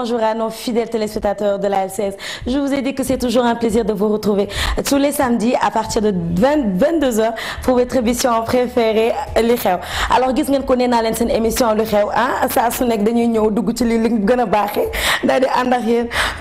bonjour à nos fidèles téléspectateurs de la LCS. Je vous ai dit que c'est toujours un plaisir de vous retrouver tous les samedis à partir de 22h pour votre émission préférée li xew alors gis ngeen ko nee naa émission li xew ah Ça su nekk dañuy ñëw dugg ci li li gën a baaxee daal di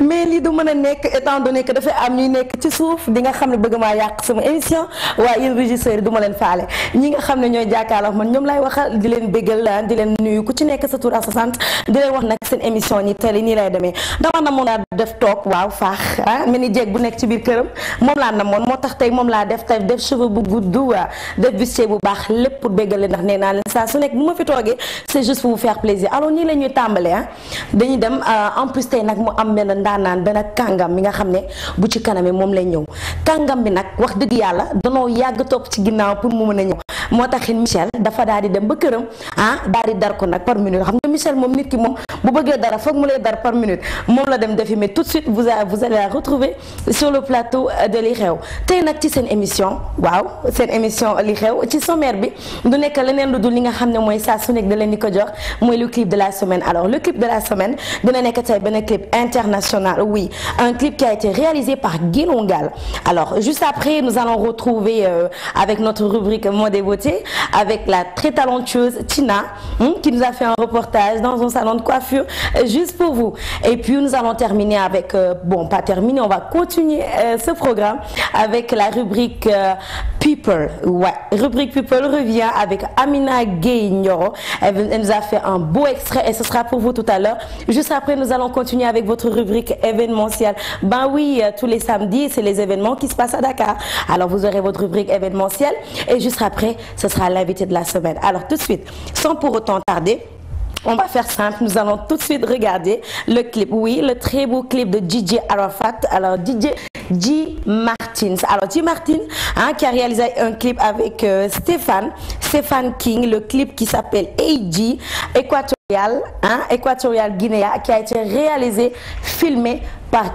mais lii du mën a étant donné que dafay am ñuy nekk ci suuf di nga xam ne bëgg sama émission waaye yéen régisseurs yi du ma leen faale ñi nga xam ne ñooy jàkkaarloo man ñoom laay waxal di leen béggal di leen nuyu ku ci nekk sa tur ak sa di leen wax nag seen émission ñi tali ni lay demee dama na a def tok waaw faax ah mel ni bu nek ci biir këram moom laa namoon moo tax tey moom def tay def cheveux bu gudd wa def vissé bu baax lepp pour ndax néna len sa su nek bu fi togué c'est juste pour vous faire plaisir alors ni lañuy tambalé hein ah, dañuy dem euh, en plus tay nag mu am benn ndaanaan benn kangam mi nga xamné bu ci kanamé mom lay ñëw kangam bi nak wax dëgg yalla dañu yàgg top ci ginnaw pour mu mëna a ñëw Michel dafa daal di dem ba kërëm ah daal dar ko nak par minute xam nga Michel mom nit ki mom bu bëggee dara mule mu lay dar par minute Mon la dem mais tout de suite vous vous allez la retrouver sur le plateau de l'Ireo. C'est une émission, une émission. émission c'est une émission l'Ireo. Tu ci bi le clip de la semaine alors le clip de la semaine Donnez un clip international oui un clip qui a été réalisé par Guilongal. alors juste après nous allons retrouver euh, avec notre rubrique Moi et avec la très talentueuse Tina hmm, qui nous a fait un reportage dans un salon de coiffure euh, juste pour vous et puis nous allons terminer avec, euh, bon pas terminer, on va continuer euh, ce programme avec la rubrique euh, People. Ouais, rubrique People revient avec Amina Gueignoro. Elle, elle, nous a fait un beau extrait et ce sera pour vous tout à l'heure. Juste après, nous allons continuer avec votre rubrique événementielle. Ben oui, tous les samedis, c'est les événements qui se passent à Dakar. Alors vous aurez votre rubrique événementielle et juste après, ce sera l'invité de la semaine. Alors tout de suite, sans pour autant tarder, on va faire simple, nous allons tout de suite regarder le clip. Oui, le très beau clip de DJ Arafat. Alors DJ G. Martins. Alors G. Martin, hein, qui a réalisé un clip avec euh, Stéphane, Stéphane King, le clip qui s'appelle AG, Équatorial, hein, Équatorial Guinea, qui a été réalisé, filmé par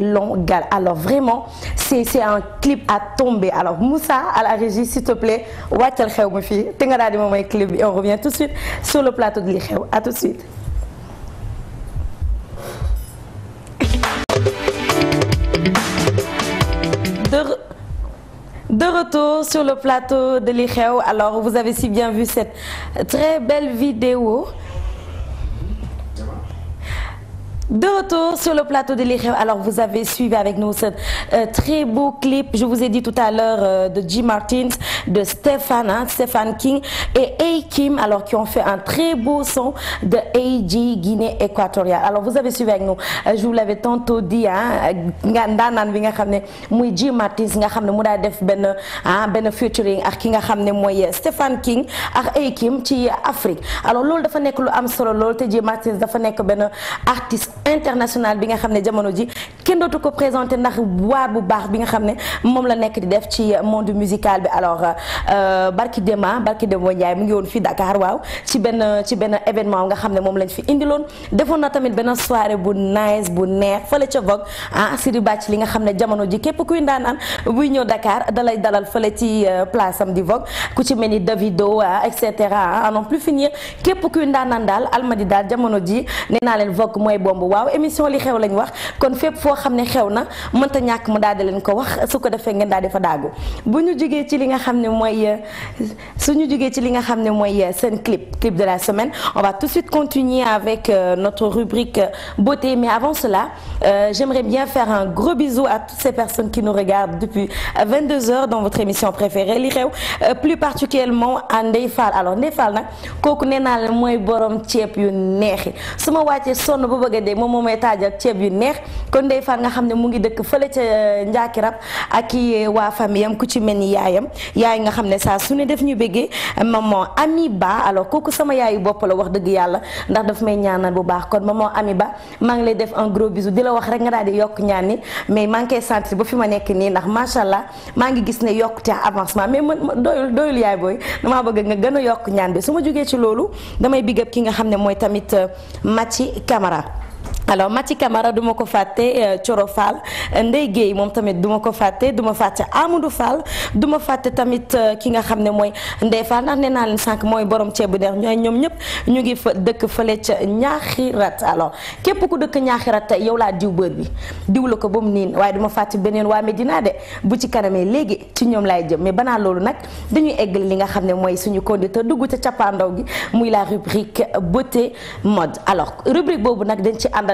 Longal. Alors vraiment, c'est un clip à tomber. Alors Moussa, à la régie, s'il te plaît, clip et on revient tout de suite sur le plateau de l'Ikhew. A tout de suite. De... retour sur le plateau de l'Ikhéo, alors vous avez si bien vu cette très belle vidéo de retour sur le plateau de l'Irem, alors vous avez suivi avec nous ce euh, très beau clip, je vous ai dit tout à l'heure, euh, de Jim Martins, de Stéphane, hein, Stéphane King et A-Kim, alors qui ont fait un très beau son de AG Guinée équatoriale. Alors vous avez suivi avec nous, euh, je vous l'avais tantôt dit, hein, ndaanaan bi nga xam ne Jim Martins nga xam ne def Ben, Ben featuring nga Stéphane King ak A-Kim ci Afrique. alors loolu dafa nekk lu am solo loolu te Jim Martins artiste. International, bi nga xamné jamono ji kenn ko présenter ndax bu baax bi nga la di def ci monde musical bi alors euh, barki Dema barki mu ngi Dakar ci ben ci ben événement nga xamné mom lañ fi na tamit soirée bu nice bu neex Vogue li nga jamono Dakar dalay dalal fele ci euh, place am di Vogue ku ci Davido euh, et hein, à non plus finir kep kuy dal. Almadi jamono ji Vogue Wow, émission li xew lañ wax kon fepp fo xamné xewna na mënta ñàkk mu daal di leen ko wax su ko defee ngeen daal di fa daagu bu ci li nga xamné moy euh, suñu ci li nga xamné moy euh, clip clip de la semaine on va tout de suite continuer avec euh, notre rubrique beauté mais avant cela j'aimerais bien faire un gros bisou à toutes ces personnes qui nous regardent depuis 22 heures dans votre émission préférée li xew plus particulièrement à Ndeye alors Ndeye Fall nag kooku nee borom tiep yu neexi suma ma wàccee bu bëgg moom moom moo may taajal ceeb yu neex kon Ndeye Fall nga xam ne mu ngi dëkk fële ca euh, Njaakirab ak i euh, waa famille am ku ci mel ni yaayam yaay nga xam ne saa su ne def ñu bëggee maman Ami Ba alors kooku sama yaayu bopp la wax dëgg yàlla ndax daf may ñaanal bu baax kon maman Ami Ba maa ngi lay def un gros bisou di la wax rek nga daal di yokk ñaan ni mais maa ngi koy sentir ba fi ma nekk nii ndax macha allah maa ngi gis ne yokkute avancement mais ma doyul doyul yaay booy damaa bëgg nga gën a yokk ñaan bi su ma jógee ci loolu damay big up ki nga xam ne mooy tamit euh, Mathi Camara alors Mathi Camara duma ko fàtte Coro euh, Fall Ndeye Guèye moom tamit duma ko fàtte duma ma fàtte Amadou Fall duma fàtte tamit euh, ki nga xam ne mooy Ndeye Fall ndax nee naa leen sànq mooy borom ceebu deex ñooy ñoom ñëpp ñu ngi fa dëkk fële ca ñaaxirat alors képp ku dëkk ñaaxirat tey yow laa diw bër bi diw ko ba mu niin waaye duma ma fàtte beneen waa Medina de bu ci kanamee léegi ci ñoom laay jëm mais banaa loolu nag dañuy eggal li nga xam ne mooy suñu conducteur dugg ca cappaandaw gi muy la rubrique beauté mode alors rubrique nag dañ ci àndal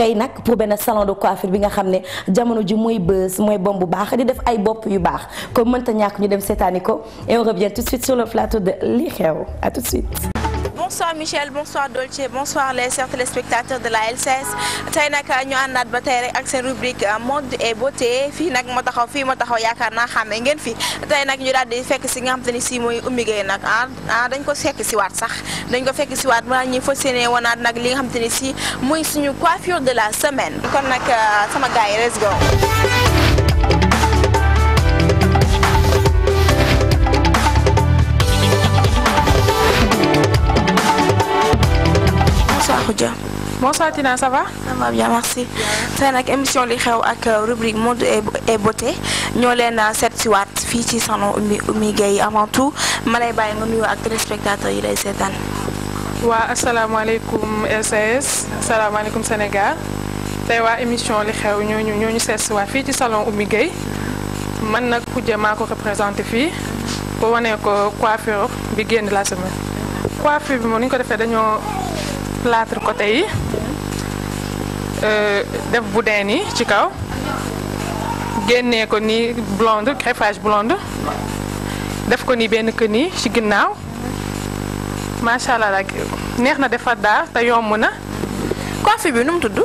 tey nak pour ben salon de coiffure bi nga xamné jamono ji mooy beus mooy bom bu baax di def ay bop yu baax comme meunta ñak ñu dem seetaani et on revient tout de suite sur le plateau de li xew à tout de suite bonsoir Michel bonsoir Dolce bonsoir les le téléspectateurs de la LCS tey nag euh, ñu àndaat ba tey rek ak seen rubrique euh, mode et beauté fii nag moo taxaw fii ma taxaw yaakaar naa xàmmee ngeen fii tey nag ñu daal di fekk si nga xam te ni si mooy Oumy Gueye nag ah, ah dañ ko fekk si waat sax dañ ko fekk si waat balaa ñuy fas yéene wanaat nag li nga xam te ni si muy suñu coiffure de la semaine kon nag euh, sama gars yi Bonsoir Bonsoir Tina, ça va Ça va bien, merci. c'est une émission li xew ak euh, rubrique mode et beauté nous leen euh, seet cette waat Fichi, ci salon Oumy Oumy avant tout ma lay bàyyi nga nuyoo ak cette yi wa assalamu alaikum SS salam alaikum Sénégal c'est wa émission li xew ñooñu ñooñu seet si waat fii ci salon Oumy Gueye man nag Khoudia maa ko représenté fii ba wane ko coiffeur bi de la semaine coiffure bi moom ni ko plâtre côté yi euh, def boudin yi ci kaw génnee ko nii blonde greffage blonde def ko ni benn kën yi ci ginnaaw macha allah la neex na defar daal te yomb na. coiffure bi nu mu tudd.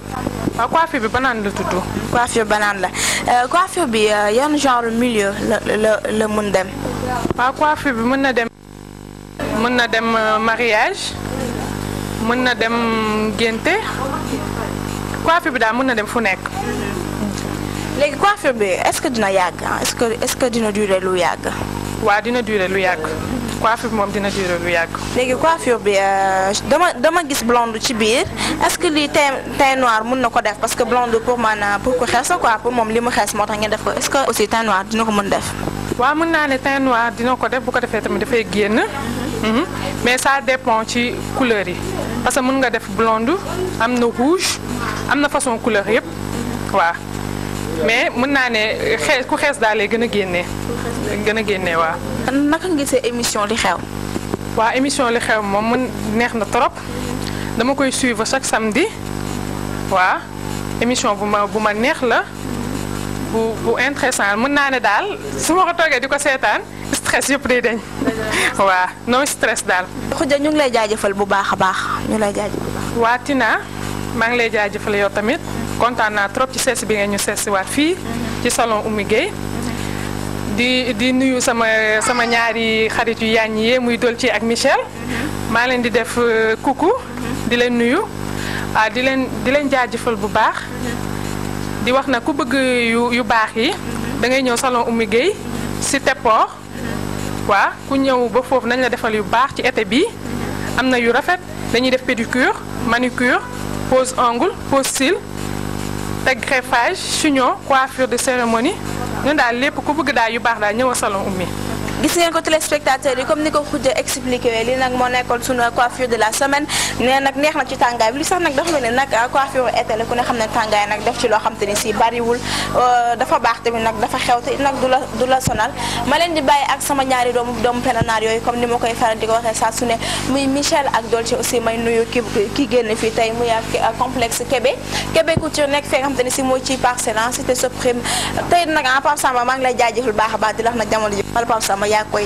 waaw coiffure bi banaan la tudd. coiffure banaan la euh, coiffure bi euh, yan genre milieu la la la mën dem. waaw coiffure bi mën na dem. mën na dem mariage. mën na dem ngénte coiffure bi daal mën na dem fu nekk. léegi coiffure bi est-ce que dina yàgg ah? est-ce que est-ce que dina durer lu yàgg. waaw dina durer lu yàgg. coiffure bi moom dina durer lu yàgg. léegi coiffure bi euh, dama dama gis blonde ci biir est-ce que lii teint teint noir mun na ko def parce que blonde pour man euh, pour ko xees la quoi pour moom li mu xees moo tax ngeen def ko est-ce que aussi teint noir dina ko mën def. waaw mën naa ne teint noir dina ko def bu ko defee tamit dafay génn. Mhm. mais ça dépend ci couleur yi. parce que mën nga def blonde am rouge am na façon couleur yëpp quoi. mais mën na né xees ku xees daal lay gën a génnee. gën a génnee naka nga gissé émission li xew. Wa émission li xew mom mën neex na trop dama koy suivre chaque samedi Wa. émission bu ma bu ma neex la. bu bu intéressant mën naa ne daal su ma ko toogee di stress yëpp day dañ. waa no stress dal. Khoudia ñu ngi lay jaajëfal bu baax a baax ñu lay jaajëfal. waa Tina maa ngi lay jaajëfal yow tamit kontaan naa trop ci sees bi nga ñu sees waat fii ci salon Oumy Gueye di di nuyu sama sama ñaari xarit yu yaañ yee muy Dolce ak Michel maa leen di def euh, coucou di leen nuyu ah di leen di leen jaajëfal bu baax. di wax na ku bëgg yu yu baax yi da ngay ñëw salon Oumy Gueye ci Teppoor waa ku ñëw ba foofu nañ la defal yu baax ci été bi am na yu rafet dañuy def pédicure manucure pose ongle pose cils teg greffage chignon coiffure de cérémonie ñun daal lépp ku bëgg daal yu baax daal ñëw salon Oumy gis ngeen ko téléspectateurs yi comme ni ko xujja expliqué wee li nag moo nekkoon sunu coiffure de la semaine nee nag neex na ci tàngaay bi li sax nag dafa mel ah, ne nag def ci loo xam te ni si bariwul euh, dafa baax tamit nag dafa xew te nag du la du la sonal ma leen di bàyyi ak sama ñaari doomu doomu penanaar yooyu comme ni ma koy faral di ko waxee saa su ne muy Michel ak Dolce aussi may nuyu ki ki génn fii tey muy ak euh, complexe Kébé Kébé Couture nekk fee xam ci Parcelles ah, Cité ah, lay jaajëfal baax a na jamono gia quy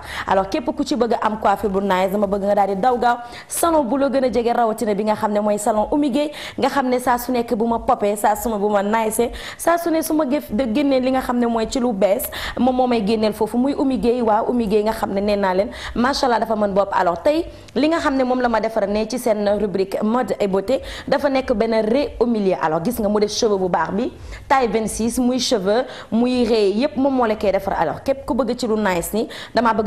grave alors képp ku ci bëgg a am coiffure bu nice dama bëgg nga daal di daw gaaw salon bu la gën a jege rawatina bi nga xam ne mooy salon Oumy Gueye nga xam ne saa su nekk bu ma popee saa su ma bu ma nice saa su ne su ma gëf de génnee li nga xam ne mooy ci lu bees moom moo may génneel foofu muy Oumy Gueye waa Oumy Gueye nga xam ne nee naa leen macha allah dafa man bopp alors tey li nga xam ne moom la ma defara ne ci seen rubrique mode et beauté dafa nekk benn ré au milieu alors gis nga mu def cheveux bu baax bi taille 26 muy cheveux muy ré yépp moom moo la koy defar alors képp ku bëgg ci lu nice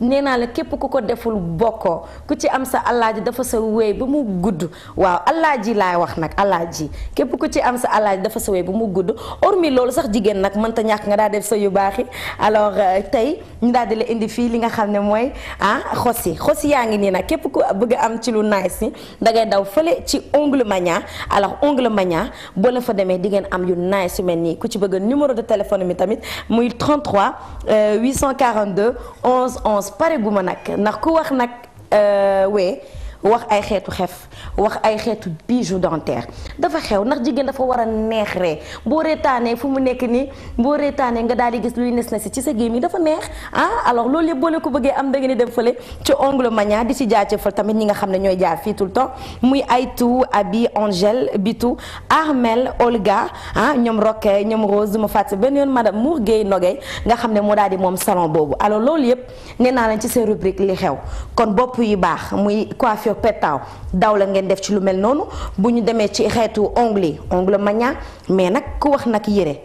nee naa la képp ku ko deful bokkoo ku ci am sa alaaji dafa sa wéy ba mu gudd waaw ji laay wax nag ji képp ku ci am sa alaaji dafa sa wéy ba mu gudd hormis loolu sax jigéen nag mënta ñàkk nga daal def sa yu baax yi alors euh, tey ñu daal di la indi fii li nga xam ne mooy ah xosi xosi yaa ngi nii nag képp ku bëgg am ci lu nice ni dangay daw fële ci ongle mania alors ongle mania boo la fa demee di ngeen am yu nice yu mel nii ku ci bëgg numéro de téléphone mi tamit muy 33 euh, 842 pare gu ma nag ndax ku wax nag euh, wee wax ay xeetu xef wax ay xeetu bijou dentaire dafa xew ndax jigen dafa wara a neex ree boo reetaanee fu mu nekk nii boo reetaanee nga daal gis luy nes na ci sa gemi dafa neex ah alors lolé bolé, boo ko bëggé am da nga ni dem fële ci ongle mania di si fa tamit ñi nga xamné ñoy jaar fi tout le temps muy Aytu Abi Angel, Bitu Armel Olga ah ñoom Roque ñoom Rose duma fàtte ben yon madame Mour Nogay nga xamné mo moo mom salon bobu alors lolé yépp nee na ci seen rubrique li xew kon bop yu bax muy coiffure coiffure pétaw daw la ngeen def ci lu mel noonu bu ñu demee ci xeetu ongle yi ongle mania mais nag ku wax nag yére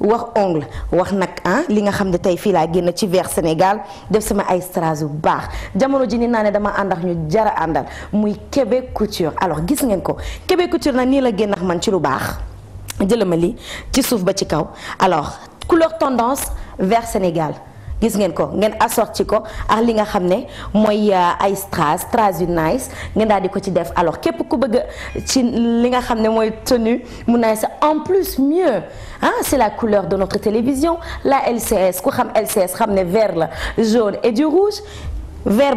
wax ongle wax nag ah li nga xam ne tey fii laa génn ci vers Sénégal def sama ay strass bu baax jamono ji ni naa ne dama ànd ak ñu jara àndal muy Kébé Couture alors gis ngeen ko Kébé Couture nag nii la génn ax man ci lu baax jëlama li ci suuf ba ci kaw alors couleur tendance vers Sénégal gis ngeen ko ngeen assorti ko ak li nga euh, nice alors kep ku beug ci li nga tenue en plus mieux hein? c'est la couleur de notre télévision la LCS ko xam LCS vert jaune et du rouge vert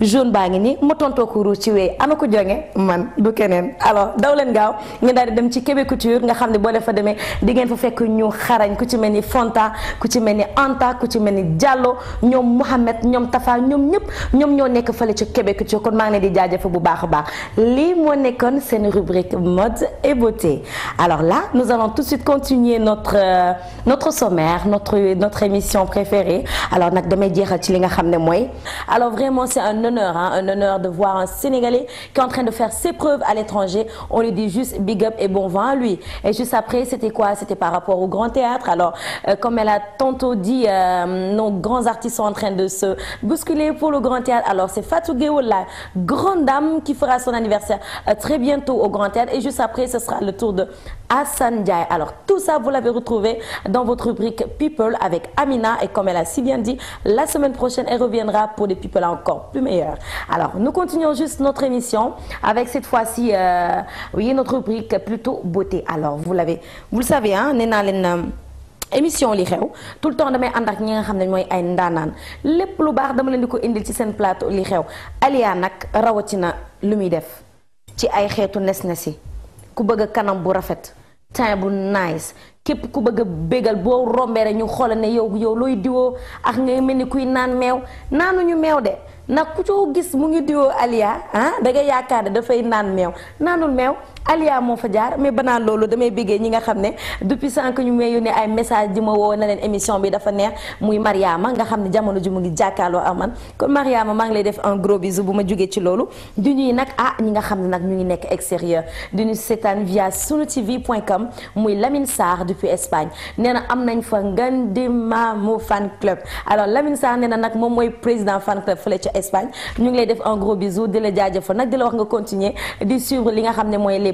Jeune baa ngi nii ma ko ru ci wey amako jonge man du kenen alors daw leen gaaw ngeen daal dem ci Kébé Couture nga xam bo le fa demee di ngeen fa fekk ñu xarañ ku ci melni Fonta ku ci melni Anta ku ci melni ni Diallo ñoom Mohamed ñoom Tafa ñoom ñëpp ñoom ñoo nekk fële ci Kébé ci kon ma ngi leen di jaajëfal bu baax baax li mo nekkoon seen rubrique mode et beauté alors là nous allons tout de suite continuer notre euh, notre sommaire notre notre émission préférée alors nak demay jeexal ci li nga xam moy alors vraiment c'est un honneur, hein, un honneur de voir un Sénégalais qui est en train de faire ses preuves à l'étranger. On lui dit juste big up et bon vent à lui. Et juste après, c'était quoi C'était par rapport au Grand Théâtre. Alors, euh, comme elle a tantôt dit, euh, nos grands artistes sont en train de se bousculer pour le Grand Théâtre. Alors, c'est Fatou Gueye la grande dame qui fera son anniversaire euh, très bientôt au Grand Théâtre. Et juste après, ce sera le tour de Hassan Diaye. Alors, tout ça, vous l'avez retrouvé dans votre rubrique People avec Amina. Et comme elle a si bien dit, la semaine prochaine, elle reviendra pour des People encore plus alors, nous continuons juste notre émission avec cette fois-ci, euh, voyez notre rubrique plutôt beauté. Alors, vous l'avez, vous le savez, hein, nena euh, émission li xew tout le temps damay ànd ak ñi nga xam ne ay ndanan lépp lu bax dama leen indil ci sen plateau li xew Aliya nak rawatina lu muy def ci ay xétu nes nessi ku bëgg kanam bu rafet. teint bu nice kep ku bëgg bégal bo rombéré ñu xoolal yow yow loy diwo ak ngay mel kuy nan mew nanu ñu mew de nag ku coo gis mu ngi diwoo Aliya ah da nga yaakaar ne dafay naan meew naanul meew Alia mo fa jaar mais banaan lolu damay béggee ñi nga depuis sank ñu may yónnee ay message di ma woo na len émission bi dafa neex muy Mariama nga xamné ne jamono mu ngi jàkkaarloo ak kon Mariama maa ngi lay def un gros bisou buma ci lolu du ñuy nag ah ñi nga ñu ngi nekk extérieur du ñu via sunutv.com muy Lamine Sar depuis Espagne néna na am de ma mu fan club alors Lamine sar néna nak nag moy président fan club fele ci Espagne ñu ngi lay def un gros bisou de la jaajëfal nag de la wax nga continuer di suivre li nga xamné ne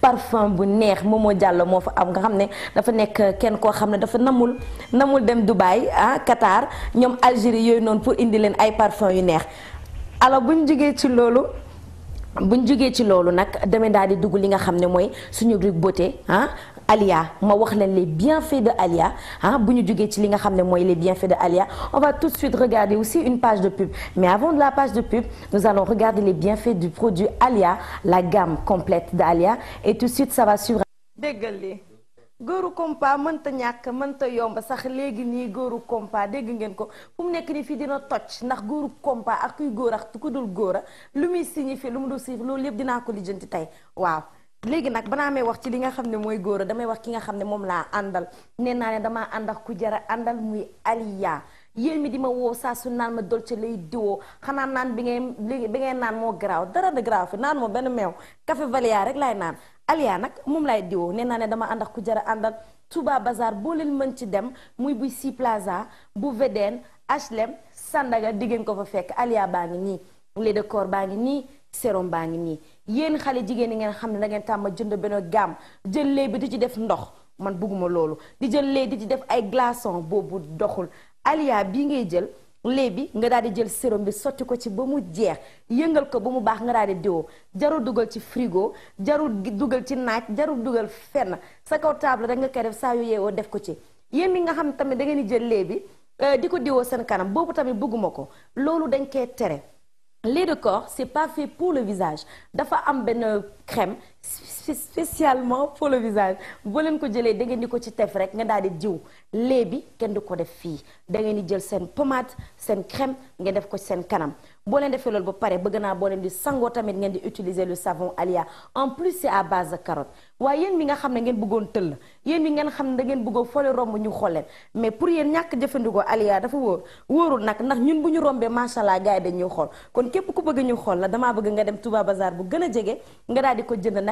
parfum bu neex moo Diallo moo fa am nga xam ne dafa nekk kenn koo xam ne dafa namul namul dem Dubaï ah Qatar ñoom Algérie yooyu noonu pour indi leen ay parfum yu neex alors buñ jógee ci loolu buñ jógee ci loolu nag demee daal di dugg li nga xam ne mooy suñu rubrique beauté ah Alia ma wax leen les bienfaits de Alia Si vous avez ci li les bienfaits de Alia on va tout de suite regarder aussi une page de pub mais avant de la page de pub nous allons regarder les bienfaits du produit Alia la gamme complète d'Alia et tout de suite ça va suivre. déggal li compa mënta ñàkk mënta yomb sax légui ni góoru compa dégg ngeen ko fum nek ni fi dina toch ndax góoru compa ak kuy góor ak ku dul góor a lu muy signifié lu mu dul signifié loolu yëpp dinaa ko lijeenti tay waaw. léegi nag ba naa may wax ci li nga xam ne mooy góor damay wax ki nga xam ne moom laa àndal nee naa ne dama ànd ak ku jara àndal muy Aliya yéen mi di ma woo saa su naan ma dolce lay diwoo xanaa naan bi ngay bi ngay naan moo garaaw dara de garaaw fi naan moo benn meew café Valia rek laay naan Aliya nag moom lay diwoo nee naa ne dama àndak ak ku jara àndal Touba Bazar boo leen mën ci dem muy bu Sea Plaza bu VDN HLM Sandaga di ngeen ko fa fekk Aliya baa ngi nii lait de corps baa ngi nii sérum baa ngi nii. yéen xale jigéen yi ngeen xam ne da ngeen tàmm jënd benn gàmm jël lait bi di ci def ndox man bëgguma loolu di jël lait di ci def ay glaçons boobu doxul Alya bii ngay jël lait nga daal di jël sérum bi sotti ko ci ba mu jeex yëngal ko ba mu baax nga daal di diwoo jarul dugal ci frigo jarul dugal ci naaj jarul dugal fenn sa kaw table rek nga koy def saa yu yeewoo def ko ci yéen bi nga xam tamit da ngeen di jël lait bi euh, di ko diwoo seen kanam boobu tamit bëgguma ko loolu dañ koy tere. Les de corps n'est pas fait pour le visage dafa am une crème spécialement pour le visage boo leen ko jëlee da ngeen di ko ci tef rek nga daal di jiw lait bi kenn du ko def fii da ngeen di jël seen pommade seen crème ngeen def ko seen kanam boo leen defee ba pare bëgg naa boo leen di sangoo ngeen di utiliser le savon Alia en plus c'est à base de waaye yéen mi nga xam ne ngeen bëggoon la yéen bi ngeen xam ne da ngeen bëggoon foole romb ñu xool leen mais pour yéen ñàkk jëfandikoo Alia dafa wóor wóorul nag ndax ñun bu ñu rombee machallah gars yi dañuy xool kon képp ku bëgg ñu xool la damaa bëgg nga dem Touba Bazar bu gën a jege nga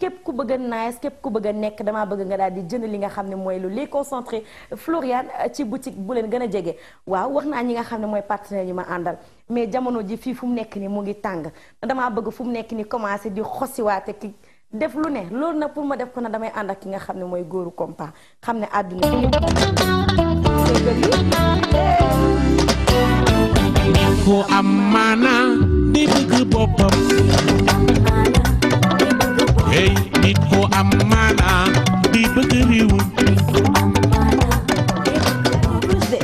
kep ku bëgg a nice képp ku bëgg a nekk bëgg nga daal di jënd li nga xamne moy lu li concentré Florian euh, ci boutique bu len gëna a waaw waxna ñi nga xamne moy partenaire ñuma andal mais jamono ji fi fu mu ni mo ngi tang dama bëgg fu mu ni commencer di xosiwaate ki def lu ne lool na pour ma def ko na damay and ak ki nga xamne moy goru compa xamne aduna ko amana di bëgg boppam hey nit ku am maanaa di bëgg réew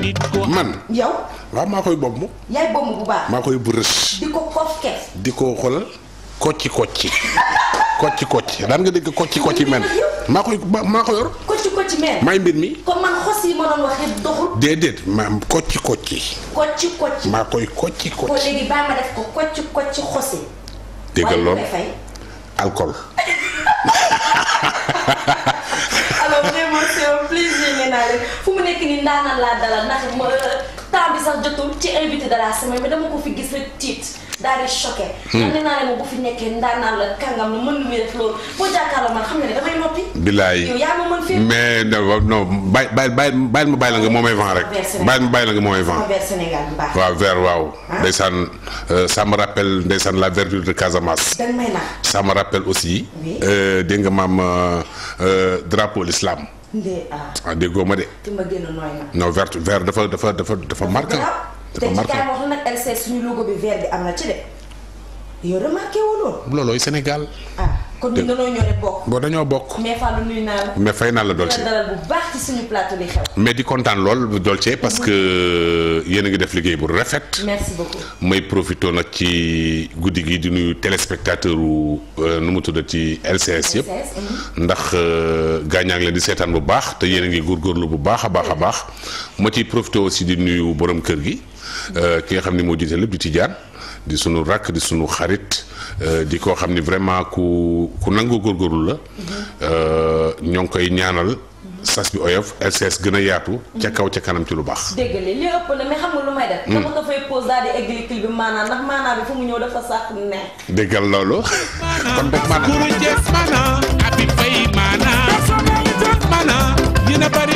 nit ku man yow waaw maa koy bomb yaay bomb bu baax maa koy bërës di ko kof kes di ko xoolal kocci kocci kocci kocci daan nga dégg kocci kocci men maa koy maa ko yor kocci kocci maay mbir mi déedéet maam kocci kocci kocci kocci kocci kocci déggal loolu alcool. alors vraiment c'est un plaisir nee naa leen fu mu nekk nii ndaanaan laa dalal ndax ma euh, temps bi sax jotul ci invité de la semaine mais dama ko fi gis rek tiit. Hmm. billaay ma mën fii. mais non bàyyi bàyyi la nga moomay vent rek. bàyyi ma bàyyi la nga moomay vent. waaw vers waaw. Ah. ndeysaan euh, ça me rappelle ndeysaan la verdure de Casamance. dañ may naan. aussi. Euh, dégg euh, drapeau l'islam. Ah. Ah, déggoo ma de. te ma génn na. non vert vert dafa dafa dafa dafa marquant. te ci kaay LCS suñu logo bi vert bi am na ci de yow remarqué wu Sénégal. Ah, dañoo bokk. boo dañoo bokk. mais fay naa la Dolce ci suñu mais di kontaan lool Dolce parce que mhm. yéen a ngi def liggéey bu rafet. merci beaucoup may profité nag ci guddi gi di nuyu téléspectateur euh, nu mu tudda ci LCS yëpp. Mhm. ndax euh, gaañaa ngi leen di seetaan bu baax te yéen a ngi góorgóorlu bu baax a baax a mhm. baax ma ciy profité aussi di nuyu borom kër gi. Euh, ki nga xamni mo jité lepp lépp di tijaan di sunu rak di sunu xarit euh, di ko xamni vraiment ku ku nangu gorul la euh ñong koy ñaanal sas bi oyof ss gëna yaatu. ca kaw ca kanam ci lu bax dégg li ëpp na mais xam nga lu may def. Hmm. dama nga fay pause daal di eggali kii bi maanaam ndax maanaam bi fu mu ñëw dafa sax ne. déggal loolu. kon boog maanaam. kuru jees maanaam. abi fay maanaam. maanaam yéen bari.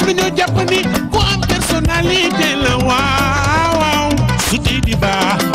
man dañoo jàpp ku am personnalité la waaw su di baax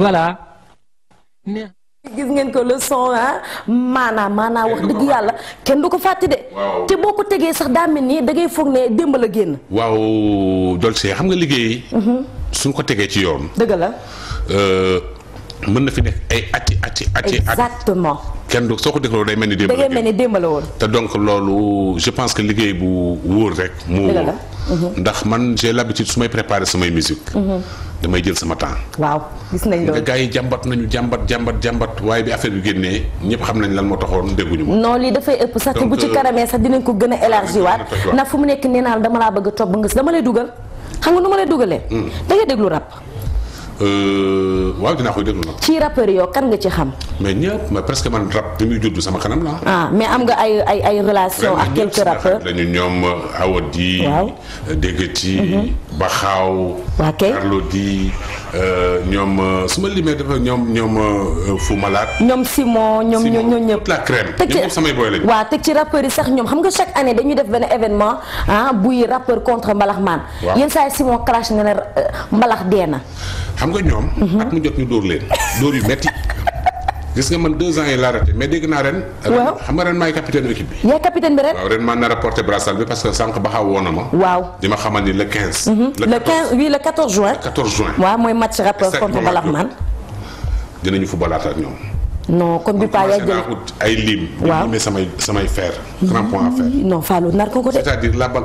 voilà. gis ngeen ko leçon a maanaam maanaam wax dëgg yàlla kenn du ko fàtte de. te boo ko tegee sax daa mel ni da ngay foog ne démb la génn. waaw Dolce xam nga liggéey. Mhm. suñ ko tegee ci yoon. dëgg la. Euh, mën na fi nekk ay ati ati ati exactement kenn du soo ko dégloo day mel ni démb la day mel ni démb la woon te donc loolu je pense que liggéey bu wóor rek moo wóor mhm. ndax man j'ai l'habitude su may préparer samay musique mhm. damay jël sama temps. waaw gis nañ loolu gars yi jàmbat nañu jàmbat jàmbat jàmbat waaye bi affaire bi génnee ñëpp xam nañ lan moo taxoon dégguñu ma. non lii dafay ëpp sax te bu ci euh, karamee sax dinañ ko gën a élargir waat ndax fu mu nekk nee naa dama laa bëgg a topp nga dama lay dugal xam nga nu ma lay dugalee. Hmm. da ngay déglu rap. Euh, waaw dinaa koy déglu nag. ci rappeurs yow kan nga ci xam. mais ñëpp mais presque man rap bi muy judd sama kanam la ah, mais am nga ay ay relation ak quelques rappeurs dañu ñoom euh, Awadi. waaw Dégati. Mhm. Baxaaw. waa kay Carlo di euh, ñoom su ma limee dafa ñoom ñoom Fou Malade. ñoom Simon ñoom ñoom ñëpp. la crème ñoom samay boy lañu. waaw teg ci rappeurs yi sax ñoom xam nga chaque année dañuy def benn événement ah buy rappeur contre mbalax maan. waaw yéen saa Simon crash na ne mbalax dee na. xam nga ñoom. Mhm. ak mu jot ñu dóor leen dóor yu metti gis nga man deux ans yi laa raté mais dégg naa ren. Euh, waaw xam nga ren maay capitaine équipe bi. yaa capitaine bi ren. waaw ren maa nar a porté bi parce que sànq ba xaw woon ma. waaw di ma xamal ni le quinze. Mhm. le le quinze oui le quatorze juin. le quatorze juin waaw mooy match rapport contre ñoom. non kon bi paa yaa jël ay lim. waaw di samay samay fer. grand point à faire. non Fallou nar ko c'est-à-dire la balle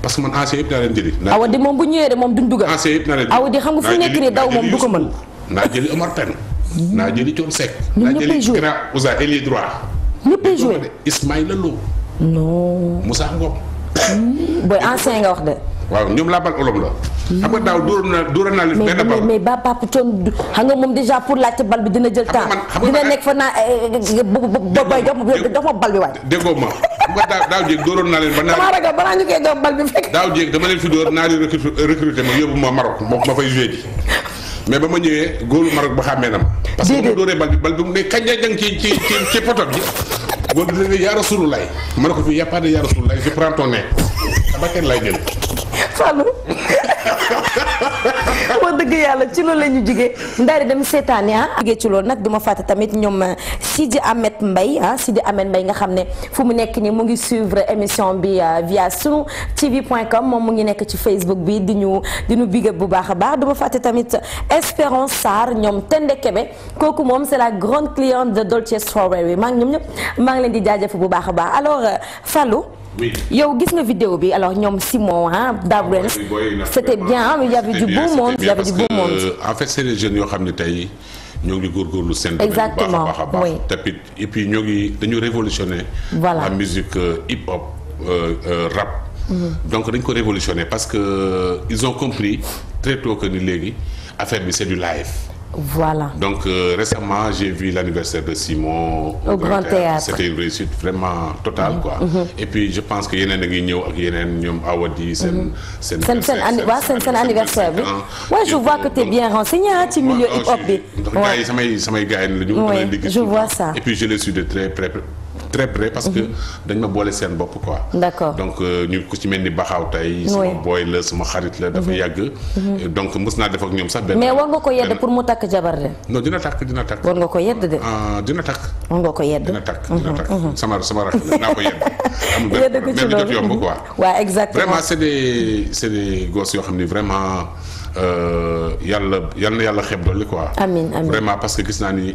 parce que man ancien yëpp naa leen jëli. awa di moom bu ñëwee de moom duñ dugal. ancien yëpp naa leen awa di xam nga fu nekk nii daw moom du ko mën. naa jëli Omar Pène. Hmm. naa jëli Thione Seck. ñun ñëppay naa jëli Kara Ouza droit. ñëppay joué Ismaïla Lo. non Moussa Ngom. Hmm. booy nga la. xam nga daaw dóor naa moom déjà pour laajte bal bi dina jël temps. dina nekk fa naa eh, eh, eh, ba ba bal bi waay. xam nga daaw daaw jéeg dóoroon naa leen ba naari balaa ñu koy jox bal naari recruté ma yóbbu ma Maroc moom ma fay joué ji mais ba ma ñëwee góolu Maroc ba xàmmee na ma parce que mu dóoree bal bi bal bi mu ne kañ la jàng ci ci ci ci poto bi góor bi dina yaa rasulullah ma ne fii y'a pas de yaa rasulullah je prends ton nez tabaken lay jël wax dëgg yàlla ci loolu la ñu jugee ndaari dem seetaani ah jugee ci loolu nag duma fàtte tamit ñoom euh, Sidi Ahmed mbay ah Sidi Ahmed mbay nga xam ne fu mu nekk nii mu ngi suivre émission bi euh, via sunu tv point com moom mu ngi nekk ci Facebook bi di ñu di ñu big up bu baax a baax du ma fàtte tamit Espérance Sarr ñoom de Kebe kooku moom c'est la grande cliente de Dolce Strawberry maa ngi ñoom ñëpp maa ngi leen di jaajëf bu baax a baax alors euh, Fallou Oui. Yo, eu nga vidéo bi alors ñom Simon hein c'était bien il y avait du beau monde, il y avait du beau monde. Euh, en fait, c'est les jeunes yo xamni tay ñoo ngi góorgóorlu seen exactement oui. et puis ils ont dañu révolutionner la musique euh, hip hop euh, rap mhm. donc dañ ko révolutionner parce que ils ont compris très tôt que nous léegi affaire c'est du live voilà. Donc euh, récemment, j'ai vu l'anniversaire de Simon au, Grand, Théâtre. C'était une réussite vraiment totale. Quoi. Mm-hmm. Mm-hmm. Et puis je pense que Yenen Guigno et Yenen Nyom Awadi, c'est un mm-hmm. anniversaire. Oui, je vois que tu es bien renseigné, tu hein, milieu hip-hop. Je vois ça. Et puis je le suis de très près très près parce que mhm. dañ ma boole seen bopp quoi. d'accord donc euh, ñu ko ci melni Baxaw tay sama boy le sama xarit la dafa mhm. yagg mhm. donc musna def ak ñom sax mais war nga ko yedd pour mu tak jabar de. non dina tak dina tak war nga ko yedd de. Ah, dina tak war nga ko yedd dina tak dina takk. sama sama rakk naa ko yedd. amul Mais benn jot yomb quoi. ouais exactement vraiment c'est des c'est des gosses yo xamni vraiment euh yalla yalla yalla xeeb quoi. amin amin vraiment parce que gis na ni.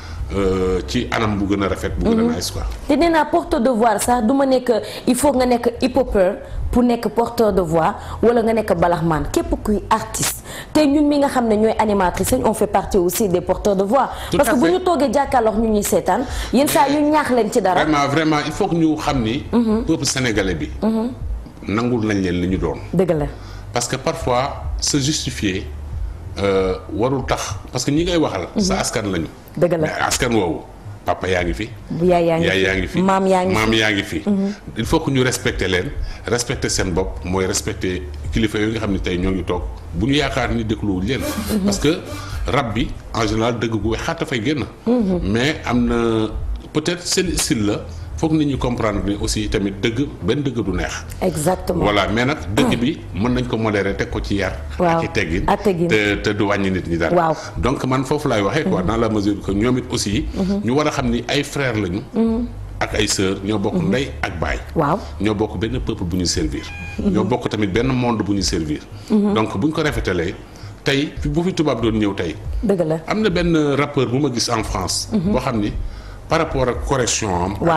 Euh, ci anam bu gën rafet. bu gën mhm. nice quoi. te na naa porteur de voix sax du ma nekk il faut nga nekk hip-hopeur pour nekk porteur de voix wala nga nekk balahman, képp kuy artiste te ñun mi nga xam ne ñooy animatrice on fait partie aussi des porteurs de voix. parce que bu ñu toogee jàkkaarloo ñu ñuy seetaan yenn saa yu ñaax leen ci dara. vraiment vraiment il faut que ñu xam ni. Mhm. peuple sénégalais bi. Mhm. nangul nañ leen li ñu doon. dëgg la parce que parfois se justifier. Euh, warul tax parce que ni ngay waxal. Mhm. sa askan lañu. deug la askan wowo papa yaangi fi. yaay yaa ngi fi mam yaangi fi maam yaa fi mhm. il faut que ñu respecter len respecter sen bop moy respecter kilifa yi nga xamni tay tey ñoo ngi tok bu ñu yaakaar ni dégluwul len mhm. parce que rabbi en général deug gu xata fay genn mais amna peut-être seen style la. foog nit ñu comprendre ni aussi tamit dëgg benn dëgg du neex. exactement voilà mais nag dëgg bi mën nañ ko modérer teg ko ci yar. ak i teggin te te du wàññi nit ñi dara. waaw donc man foofu laay waxee quoi mhm. dans la mesure ko ñoom it aussi. Mhm. ñu war a xam ni ay frères lañu. Mhm. ak ay sœur ñoo bokk ndey ak baay. waaw ñoo bokk benn pëpp bu ñu servir. ñoo bokk tamit benn monde bu ñu servir. donc buñ ko rafetalee tey bu fi tubaab doon ñëw tey. am na benn rappeur bu ma gis en France. boo xam par rapport ak correction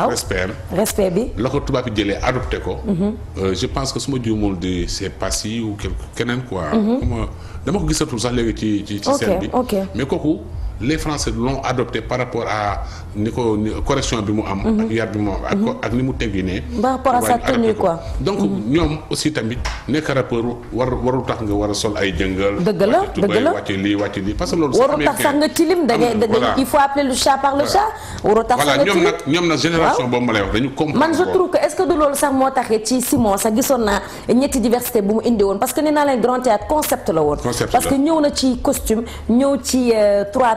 respect am respect bi. la ko tubaab bi jëlee adopté mhm. euh, je pense que su ma juumul di c'est passé ou quelque keneen quoi. Mhm. dama ko gisatul sax léegi ci ci ci scène bi. mais kooku les Français l'ont adopté par rapport à ni correction bi mu am. ak mhm. yar ak ni mu tegginee. par rapport à sa tenue quoi. donc mhm. ñoom aussi tamit nekk rappeur war warul tax nga war sol ay jëngal. dëgg la dëgg la wàcce lii wàcce lii parce que loolu. warul tax sax nga tilim da ngay il faut appeler le chat par le chat. warul tax sax nga tilim voilà ñoom nag génération boobu ma lay wax dañu. comprendre man je trouve que est ce que du loolu sax moo taxee ci Simon sax gisoon naa ñetti diversité bu mu indi woon parce que nee naa leen grand théâtre concept la woon. concept parce que ñëw na ci costume ñëw ci euh, trois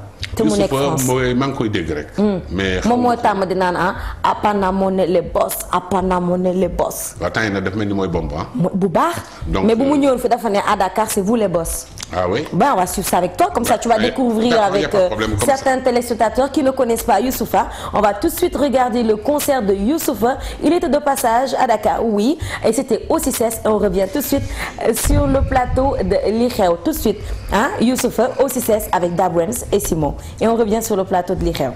C'est mu moi France mooy maa ngi koy dégg rek. mais moom moo di naan ah apana moo les boss apana moo les boss. waaw temps yii nag daf mel ni mooy bomb ah. bu baax. mais bu mu euh, ñëwoon fi dafa ne à ah, Dakar c'est vous les boss. Ah oui ben, On va suivre ça avec toi, comme ça tu vas ben, découvrir avec euh, certains téléspectateurs qui ne connaissent pas Youssoufa. On va tout de suite regarder le concert de Youssoufa. Il était de passage à Dakar, oui, et c'était au 6 On revient tout de suite euh, sur le plateau de l'Iréo. Tout de suite, hein, Youssoufa au 6 avec Dabrens et Simon. Et on revient sur le plateau de l'Iréo.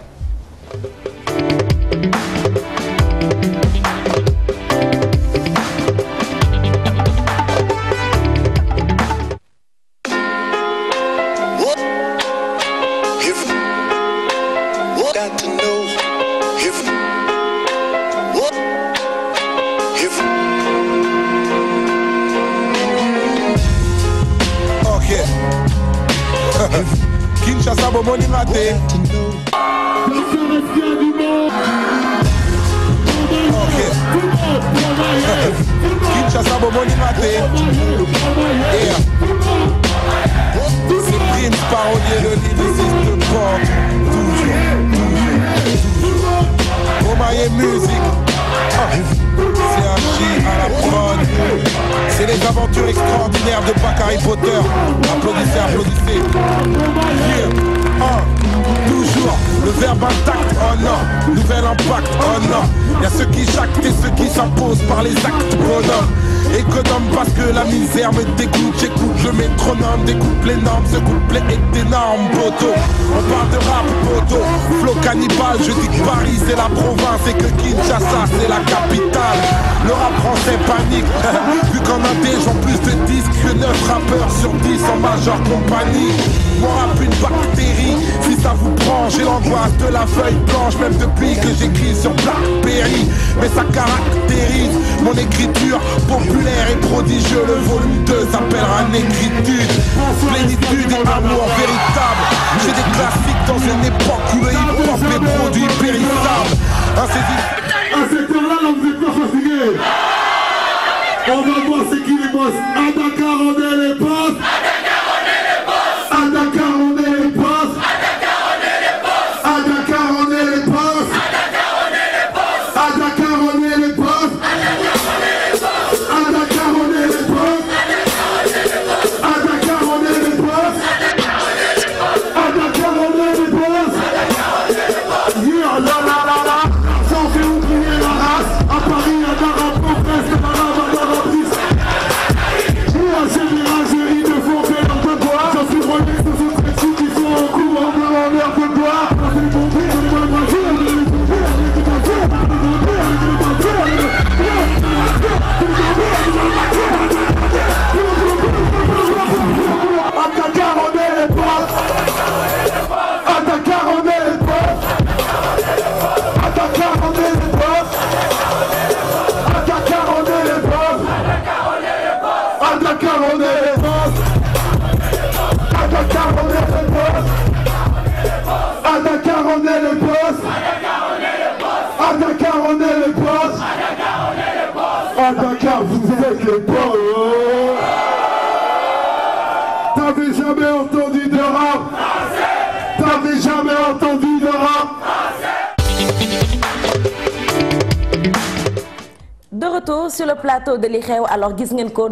sur le plateau de li alors ko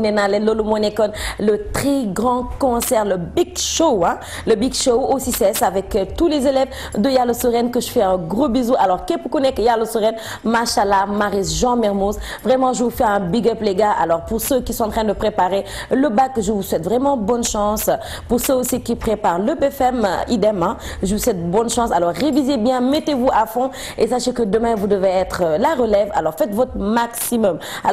le très grand concert le big show hein. le big show au CICES avec euh, tous les élèves de Yalo que je fais un gros bisou alors képp ku nekk Maris Jean Mermoz vraiment je vous fais un big up les gars alors pour ceux qui sont en train de préparer le bac je vous souhaite vraiment bonne chance pour ceux aussi qui préparent le BFM euh, idem hein, je vous souhaite bonne chance alors révisez bien mettez-vous à fond et sachez que demain vous devez être euh, la relève alors faites votre maximum alors,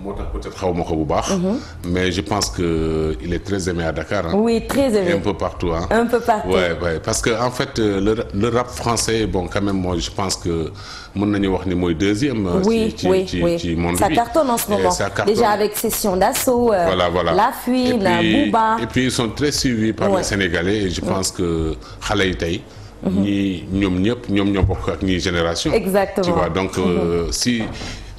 Mhm. mais je pense qu'il est très aimé à Dakar. Hein? oui très aimé Et un peu partout hein. un peu partout ouais, ouais. parce que en fait euh, le rap français bon quand même moi je pense que mon ami wax ni deuxième. Euh, oui ci oui, oui. ça cartonne en ce moment déjà avec Session d'Assaut. Euh, la fuite La bouba et puis ils sont très suivis par les Sénégalais et je pense que xale Tay. tey. Mhm. ñii ni, ñëpp ñoom ni, ak génération. exactement tu vois donc mhm. si.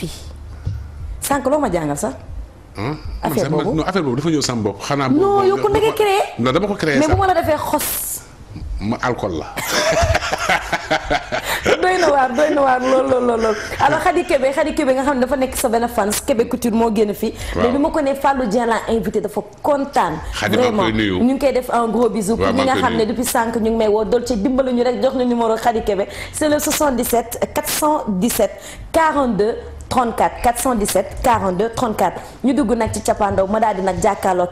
fii sànq loo ma jàngal sax. Hmm? affaire boobu non affaire boobu dafa ñëw sama bopp xanaa. non yow ko da nga ma non dama ko créé mais bu ma la defee xos. ma alcool la. doy na waar doy na waar lool lool lool alors Khady Kébé Khady Kébé nga xam ne dafa nekk sa benn fan Kébé Couture moo génn fii. waaw mais bi ma ko nee Fallou Dieng laa invité dafa kontaan. vraiment ñu ngi koy def un gros bisou. pour ñi nga xam ne depuis sànq ñu ngi may woo Dolce dimbaluñu rek jox na numéro Khady Kébé c'est le 77 34 417 42 34 ñu dugg nag ci cappaandaw ma daal di nag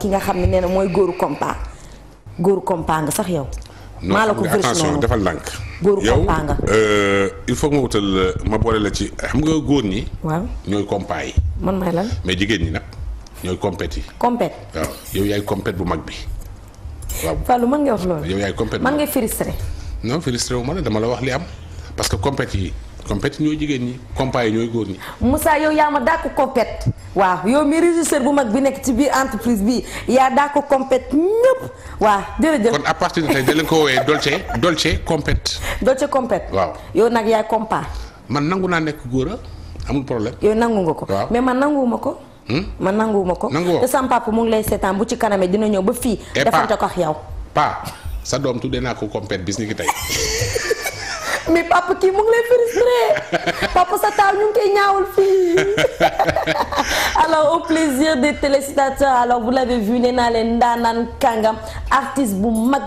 ki nga xam ne nee na mooy góoru compa góoru compa nga sax yow. maa la ko virus defal ndànk. góoru compa nga yow euh, il faut ma wutal ma boole la ci xam góor ñi. ñooy compa man may lan mais jigéen ñi nag ñooy compét yi. compét waaw yow yaay compét bu mag bi. waaw Fallou mën nga wax loolu. yow yaay compét bu mag mën nga frustré. non frustré wu ma la dama la wax li am parce que compét yi. compét ñoo jigéen ñi compas yi ñooy góor ñi. Moussa yow yaa ma dàkk compét waaw yow mi régisseur bu mag bi nekk ci biir entreprise bi yaa dàkk compét ñëpp waaw jërëjëf. kon à partir de tey da ko woowee Dolce Dolce compét. Dolce compét. waaw yow nag yaay compas. man nangu naa nekk góor a amul problème. yow nangu nga ko. mais man nanguwuma ko. Hmm? man nanguwuma ko. te sam papa mu ngi lay seetaan bu ci kaname dina ñëw ba fii. Eh, defante ko ak yow. sa doom tuddee naa ko compét bis ni ki tey. mais papa qui mu les frustré papa sa taal ñu ngi ñaawul alors au plaisir des téléspectateurs alors vous l'avez vu nee naa leen artiste bu mag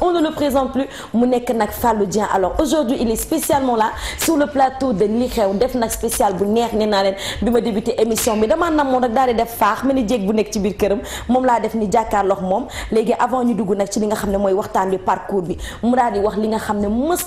on ne le présente plus mu nekk nag Fallou alors aujourd'hui il est spécialement là sur le plateau de li xew def nak spécial bu neex nee naa débuté émission mais damaa namoon rek daal di def faax mel ni jéeg bu nekk ci biir këram moom laa def ni jàkkaarloog mom. léegi avant ñu dugg nak ci li nga xam ne mooy waxtaan parcours bi mu daal wax li nga xam ne wax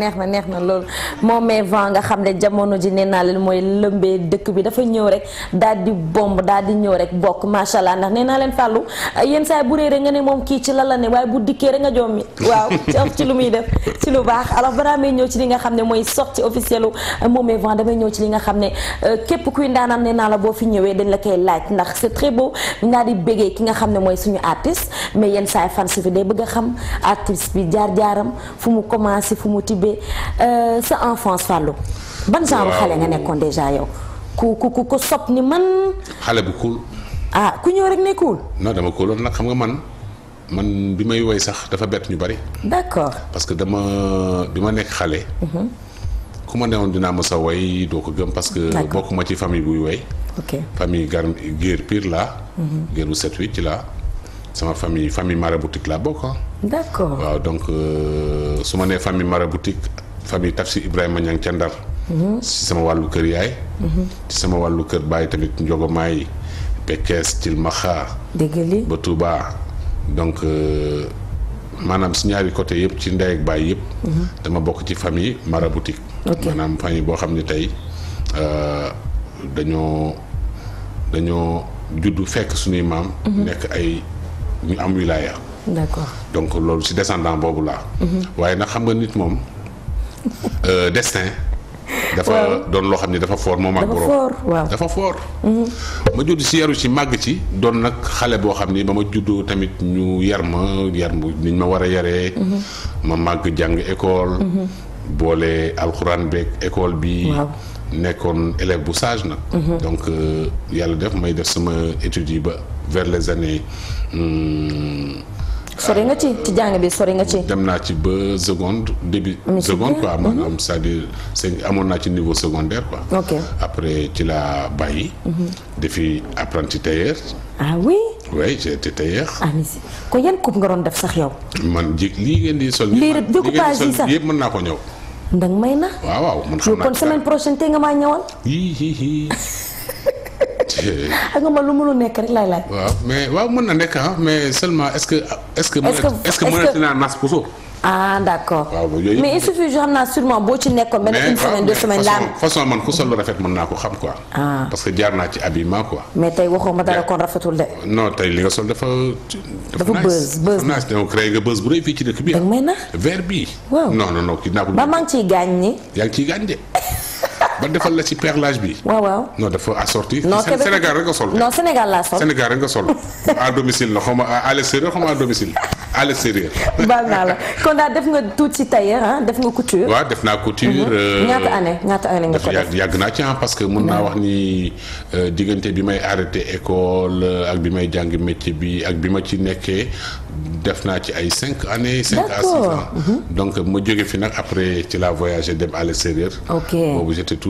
neex na neex na loolu moom mais vent nga xam ne jamono ji nee naa leen mooy lëmbee dëkk bi dafa ñëw rek daal di bomb daal di ñëw rek bokk macha allah ndax nee leen fàllu yenn saa bu nga ne moom kii ci la la ne waaye bu dikkee lu muy def ci lu baax alors li nga xam ne mooy sortie officielle u moom vent damay ñëw ci li nga xam ne euh, képp kuy ndaanaan nee naa la boo fi ñëwee dañ la koy laaj ndax c'est très beau naa di bégee ki nga xam ne mooy suñu artiste mais yenn saa fan si fi day bëgg a xam artiste bi jaar jaaram Euh, c'est en enfance Fallou ban genre nga déjà yow ku ku ku ko man cool ah ku ñew rek non dama Je nak xam nga man man sax d'accord parce que dama suis ma nekk xale mhm. ku ma parce que beaucoup ci famille bu ok famille guerre pire là. 7 8 sama famille famille maraboutique laa bokk ah. d'accord wow, donc euh, ma nee famille maraboutique famille Tafsi Ibrahima nyang ca Ndar. ci mhm. sama walu keur yaay. ci mhm. sama walu keur baye tamit Njogo may Pekes til makha degeli ba Touba donc euh, manam si ñaari côté yépp ci nday ak baye yépp mhm. dama bok ci famille maraboutique. ok maanaam famille bo xamni tay euh dañoo dañoo judd fekk suñuy maam. nek ay. ñu am d'accord donc loolu ci descendant bobu la mhm. waaye nak xam nga nit euh destin. dafa don lo xamni dafa je suis ak borom dafa foor mhm. ma judd ci yaru ci mag ci don nak xalé bo xamni bama tamit ñu niñ ma a mhm. ma école Bolé, école bi donc euh, def may def sama vers les années. Hmm, sori nga ci euh, ci jàng bi sori nga ci. dem ci ba seconde début. seconde quoi maanaam mhm. c'est-à-dire c'est amoon naa ci niveau secondaire quoi. ok après tu la bàyyi. Mhm. defi apprenti tailleur. ah oui. oui j'ai été tailleur. ah mais Quoi, kon yan coupe nga doon def sax yow. man ji lii ngeen di sol. lii rek découpage yi sax yëpp mën naa ko ñëw. ndax may na. waaw waaw man xam naa kon semaine prochaine tey Hi, hi, hi. xam nga man lu mënul nekk rek laay laaj. waaw mais waaw mën na nekk ah mais seulement est-ce que. est-ce que est-ce que mën na nas puso. Ah, boo ci nekkoon benn une semaine deux semaines laa façon man ku sol lu rafet mën naa ko xam quoi. Ah. parce que jaar naa ci habillement quoi. mais tey waxoo ma dara kon rafetul de. non tey li nga sol dafa. dafa buzz buzz naaj donc rey nga bu rëy fii ci dëkk bi. Ah. da nga no na verre bii. waaw non non non kii ba maa ngi gaañ ni. yaa ngi ciy gaañ de. ba defal la ci perlage bi. waaw waaw non dafa assorti. non Sénégal rek nga sol. non Sénégal la sol Sénégal rek nga sol. à domicile la xaw ma à l'extérieur xaw à domicile à l'extérieur. baal naa la kon daal def nga tout ci tailleur hein def nga couture. waaw def naa couture. Mhm. Euh, ñaata année ñaata année nga ko def yàgg naa ci ah parce que mun naa wax ni euh, diggante bi may arrêté école euh, ak bi may jàng métier bi ak bi ma ci nekkee. def naa ci ay 5 années. cinq à six ans mhm. donc ma jóge fi nag après ci la voyager dem à l'extérieur. ok boobu j'étais tout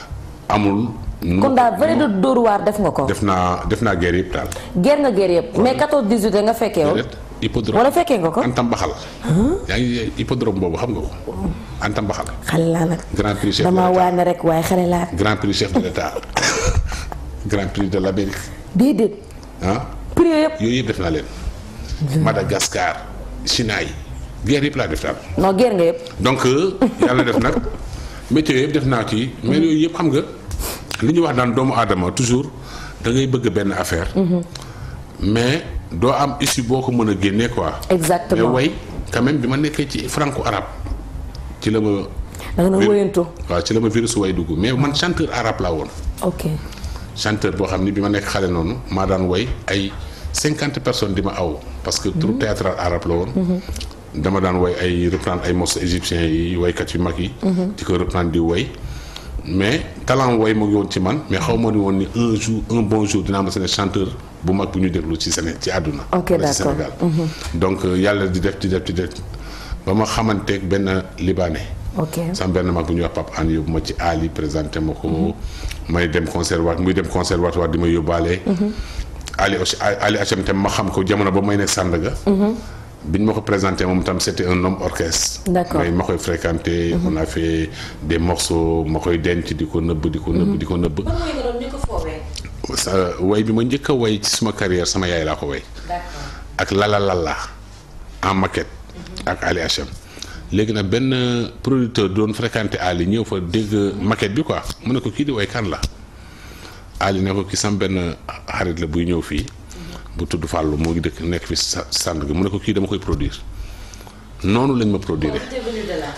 amul. kon daal vrai de Dóor waar def nga ko. def naa def naa guerre yëpp daal. guerre nga guerre yëpp mais 14 18 nga fekkee woon. hippodrome wala fekkee nga ko. antam baxal. yaa ngi hippodrome boobu xam nga ko. antam baxal. xale laa nag. grand prix chef de l' état damaa waane rek waaye xale grand prix de l' état grand prix de l' Amérique. déedéet. ah. prix yëpp yooyu yëpp def naa leen. Hmm. Madagascar. Sinaï. guerre yëpp laa def daal. non guerre nga yëpp. donc euh, yàlla def nag météo yëpp def naa ci. mais yooyu yëpp xam nga. li ñuy wax daan doomu aadama toujours da ngay bëgg benn affaire. mais doo am issue boo ko mën a génnee quoi. exactement bi ma nekkee ci franco arab ci la ma. da nga ci la ma virus way dugg mais man chanteur arabe laa woon. chanteur boo xam ni bi ma nekk xale noonu maa daan way ay cinquante personnes di ma aw. parce que troupe mhm. théâtrale arabe la woon. Mhm. dama daan way ay reprendre ay morceaux égyptiens yi waykat yu mag yi. Mhm. di ko reprendre di way. mais talent way mu ngi ci man mais xawma ni won ni un jour un bon jour dina ma sene chanteur bu mag bu ñu déglu ci Séné ci aduna ok d'accord mhm. donc euh, yalla di def di def di def bama ma xamanteeg benn libanais. ok sama ben mag bu ñuy wax Pape An yóbbu ma ci Ali présenté mako mhm. may dem conservatoire muy dem conservatoire di ma yóbbaale. Mhm. Ali aussi Ali HM tam ma xam ko jamono ba may ne Sandaga. Bin ñu ma mon temps tam c'était un homme orchestre. d'accord ma koy fréquenté. Mhm. on a fait des morceaux ma koy denc neub ko nëbb di ko nëbb di ko nëbb. Mhm. sa way bi ma njëkk a way c'est ma carrière sama yaay laa ko way. ak la la en maquette. Mhm. ak Ali HM. léegi nag ben producteur doon fréquenté Ali ñëw fa des maquette bi quoi mu ne ko kii di way kan la Ali ne ko kii sam ben xarit la buy ñëw fii bu tudd Fallou mu ngi dëkk nekk fi sànd gi mu ne ko kii dama koy produire noonu lañ ma produire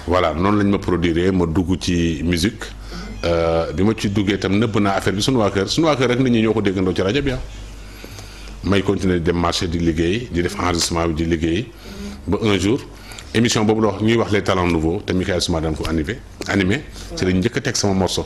voilà noonu lañ ma produire ma dugg ci musique mhm. euh, bi ma ci duggee itam nëbb naa affaire bi suñu waa kër suñu waa kër rek nit ñi ñoo ko déggandoo ci rajo bi ah. may continuer di dem di liggéey di def enregistrement di liggéey mhm. ba un jour émission boobu la wax ñuy wax les talents nouveaux te Michael Souma daan ko animé animé ci lañ njëkk a sama morceau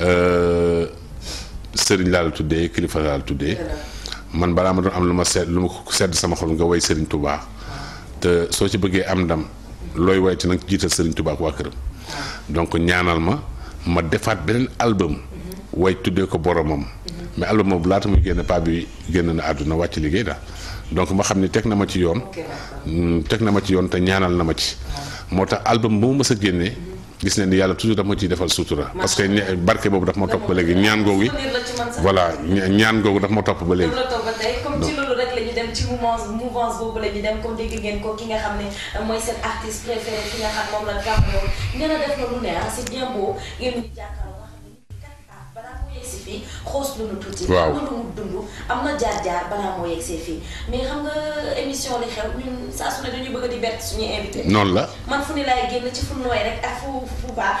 Euh, sëriñ laa la tuddee kilifa laa la tuddee man balaa ma doon am lu ma sedd sedd sama xol nga woy sëriñ Touba te soo ci bëggee am ndam looy woy ci nag jiital sëriñ Touba waa këram donc ñaanal ma ma defaat beneen album way tuddee ko boromam mais album boobu laata muy génn paa bi génn na àdduna wàcc liggéey daal donc ma xam ni teg na ma ci yoon hmm, teg na ma ci yoon te ñaanal na ma ci moo tax album bu ma mës a génnee gis nañ ni yàlla toujours daf ma ciy defal sutura parce que barke boobu daf ma topp ba léegi ñaan googu voilà ñaan googu daf ma topp ba léegi comme ci loolu rek la dem ci mouvance mouvance boobu la dem comme dégg ngeen ko ki nga xam ne mooy seen artiste préféré ki nga xam moom la gàmmoom ngeen a def na lu ne ah, c'est bien beau ngeen ñu jàkkaarloo si fii xoos lu nu tuuti. waaw lu mu dund am na jaar-jaar balaa moo yegg see fii mais xam nga émission li xew ñun saa su ne dañuy bëgg di bett suñuy invité. noonu la man fu ne laay génn ci fu nooy rek ak fu fu baax.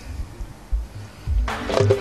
Música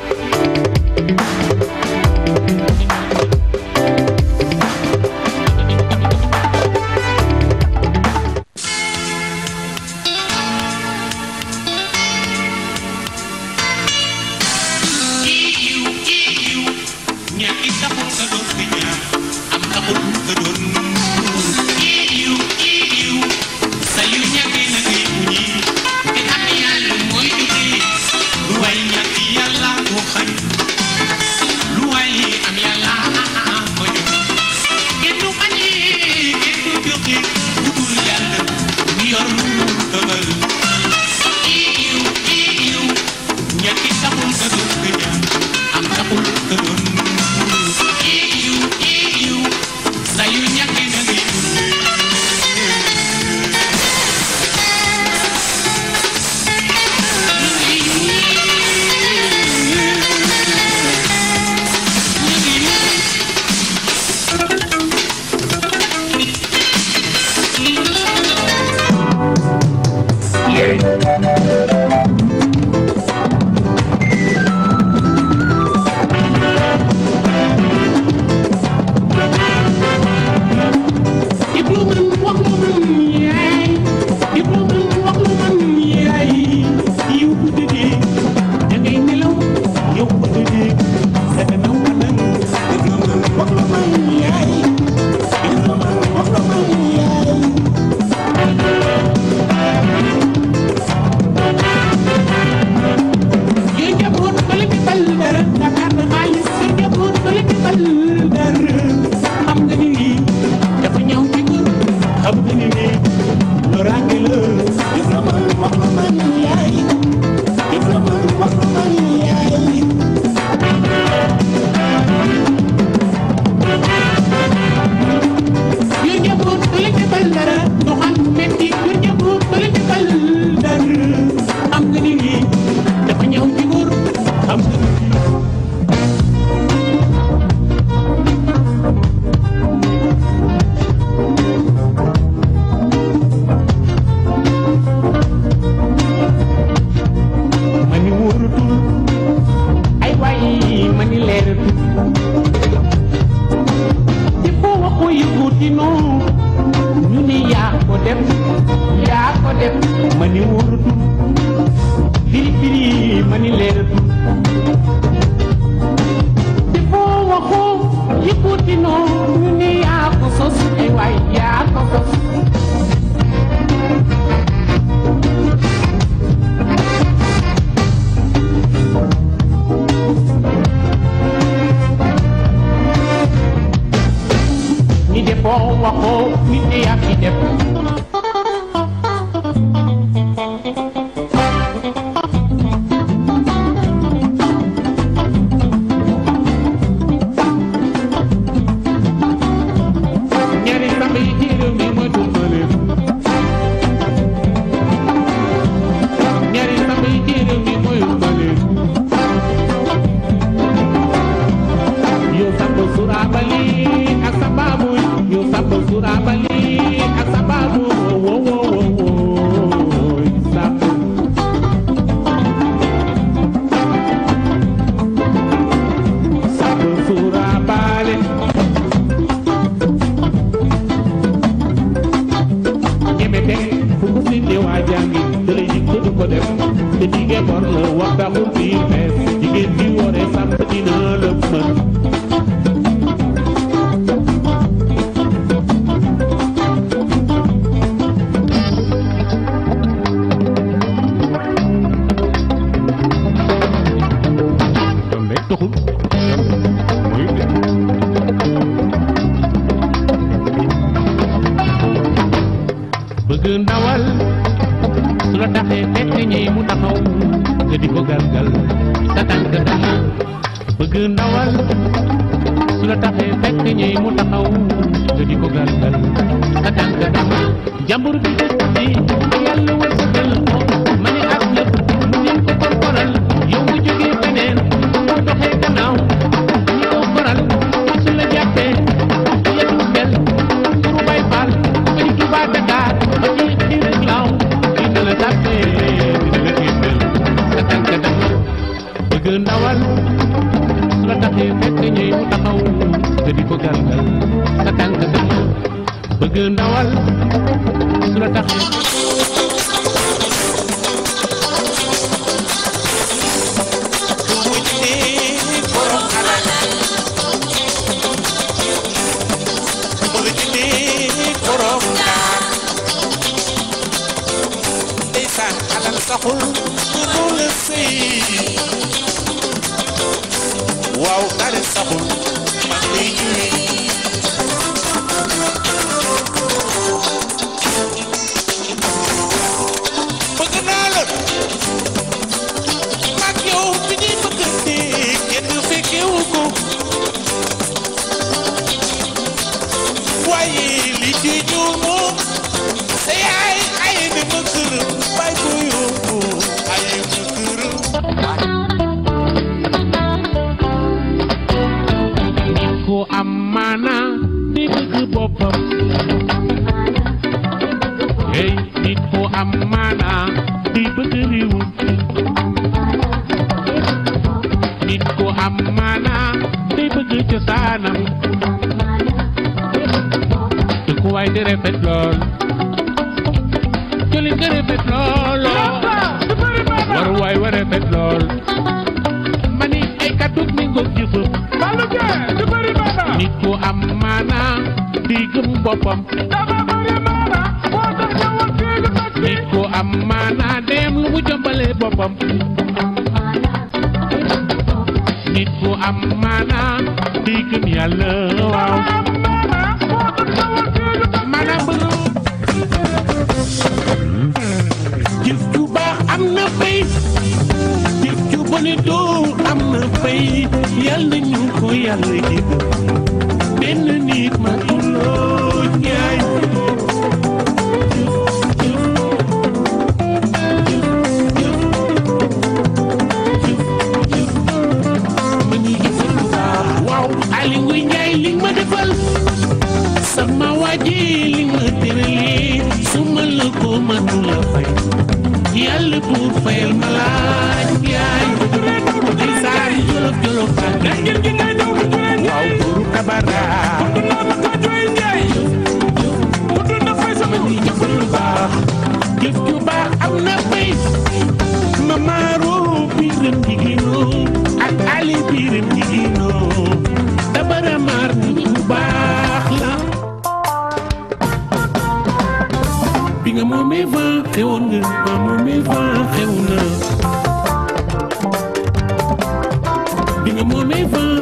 see. como me vão.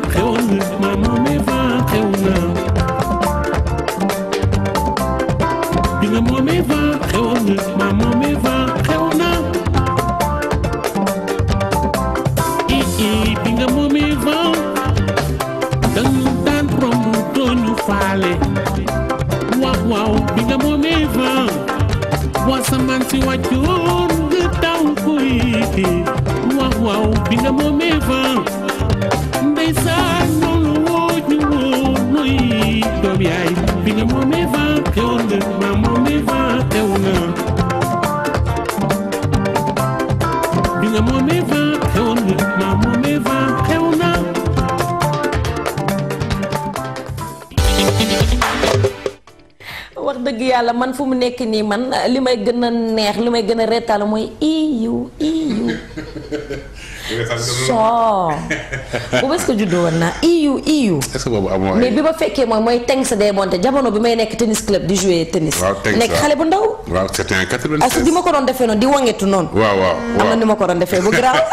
nii man li may gën a neex li may gën a reetal mooy iyu iyu soo bu bés ko iyu iyu. est-ce que boobu amoo mais bi ma fekkee mooy mooy des day monté jamono bi may nekk tennis club di jouer tennis. waaw Tengs nekk xale bu ndaw. waaw c'était en Est-ce que ma ko doon defee non? di wangetu non. waaw waaw waaw am na ni ma ko doon defee bu garaaw.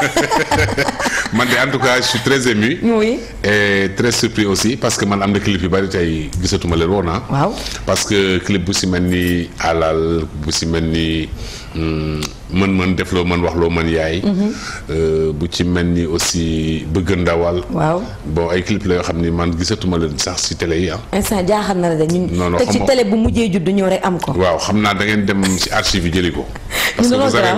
man en tout cas je suis très ému. oui et très surpris aussi parce que man am na clip yu bari tey gisatuma leen woon ah. waaw parce que clip aussi si ni alal bu si ni. mën mm, mën def loo man wax loo mën yaay. Mhm. Euh, bu ci mel ni aussi bëgg ndawal. waaw bon ay clip la yoo xam ni man gisatuma leen sax si télé yi ah. instant jaaxal na la de ñun. te ci télé bu mujjee judd ñëw rek am ko. waaw xam naa da ngeen dem si archive yi jëli ko.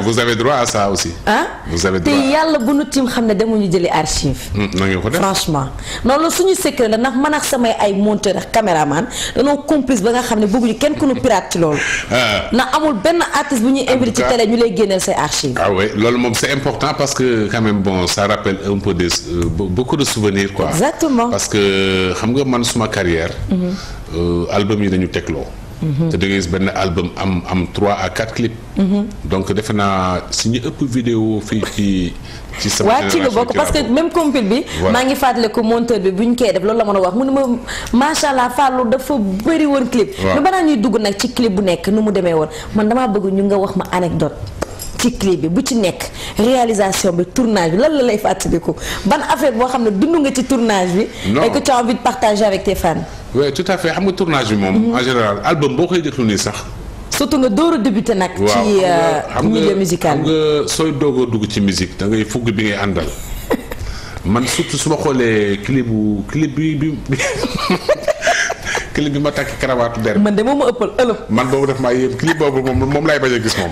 vous avez droit à ça aussi. ah vous avez droit le yàlla bu nu tiim xam ne demuñu jëli archive. Hmm, franchement. non la suñu secret que ndax man ak samay ay monteur caméraman danoo complice ba nga xam ne bëgguñu kenn ku nu pirate ci loolu. Ah. amul artiste bu ñuy invité ci télé ñu lay génneel say archives. ah oui loolu c'est important parce que quand même bon ça rappelle un peu des euh, beaucoup de souvenirs quoi. exactement parce que euh, xam nga man suma carrière. Mhm. Euh, album yi dañu tegloo. te da ngay gis benn album am am trois à quatre clips. Mhm. donc defe naa si ñu ëpp vidéo fii ci. ci sama génération ci la bokk parce que même compil bi. maa ngi fàttaliku monteur bi bu ñu def loolu la mën a wax mu ne ma macha allah Fallou dafa bëri woon clip. waaw mais balaa dugg nag ci clip bu nekk nu mu demee woon man damaa bëgg ñu nga wax ma anecdote ci clip bi bu ci nek réalisation bi tournage lan la lay ko ban affaire bo xam ne nga ci tournage bi. et que tu as envie de partager avec tes fans. ouais tout à fait xam nga tournage bi moom. Mhm. en général album boo koy ni sax. surtout nga door débuter nak ci euh, milieu musical bi xam nga sooy doog a ci musique da ngay fugg bi ngay andal man surtout suma xolé xoolee clip clip bi bi. clip bi ma takk karawaatu der. man de moom eppal ëppal man bobu def ma yéem clip bobu mom mom lay bañ a gis moom.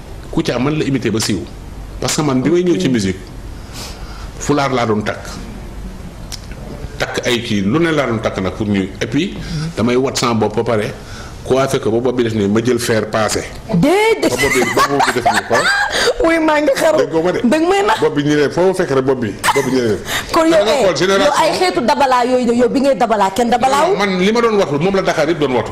Kouthia man la imité ba siw parce que man bi may ñëw ci musique fulaar laa doon takk takk ay kii lu ne laa doon takk nag pour ñu et puis damay wat sama bopp ba pare coiffé ko ba bopp bi def nii ma jël fer passé. déedéet ba bopp bi ba bopp bi ñu ne foo ma fekk rek bopp bi bopp bi ñu ne. kon yow ay eh, yow ay xeetu dabalaa yooyu yow bi ngay dabalaa kenn dabalaaw. man li ma doon watu moom la Dakar yëpp doon watu.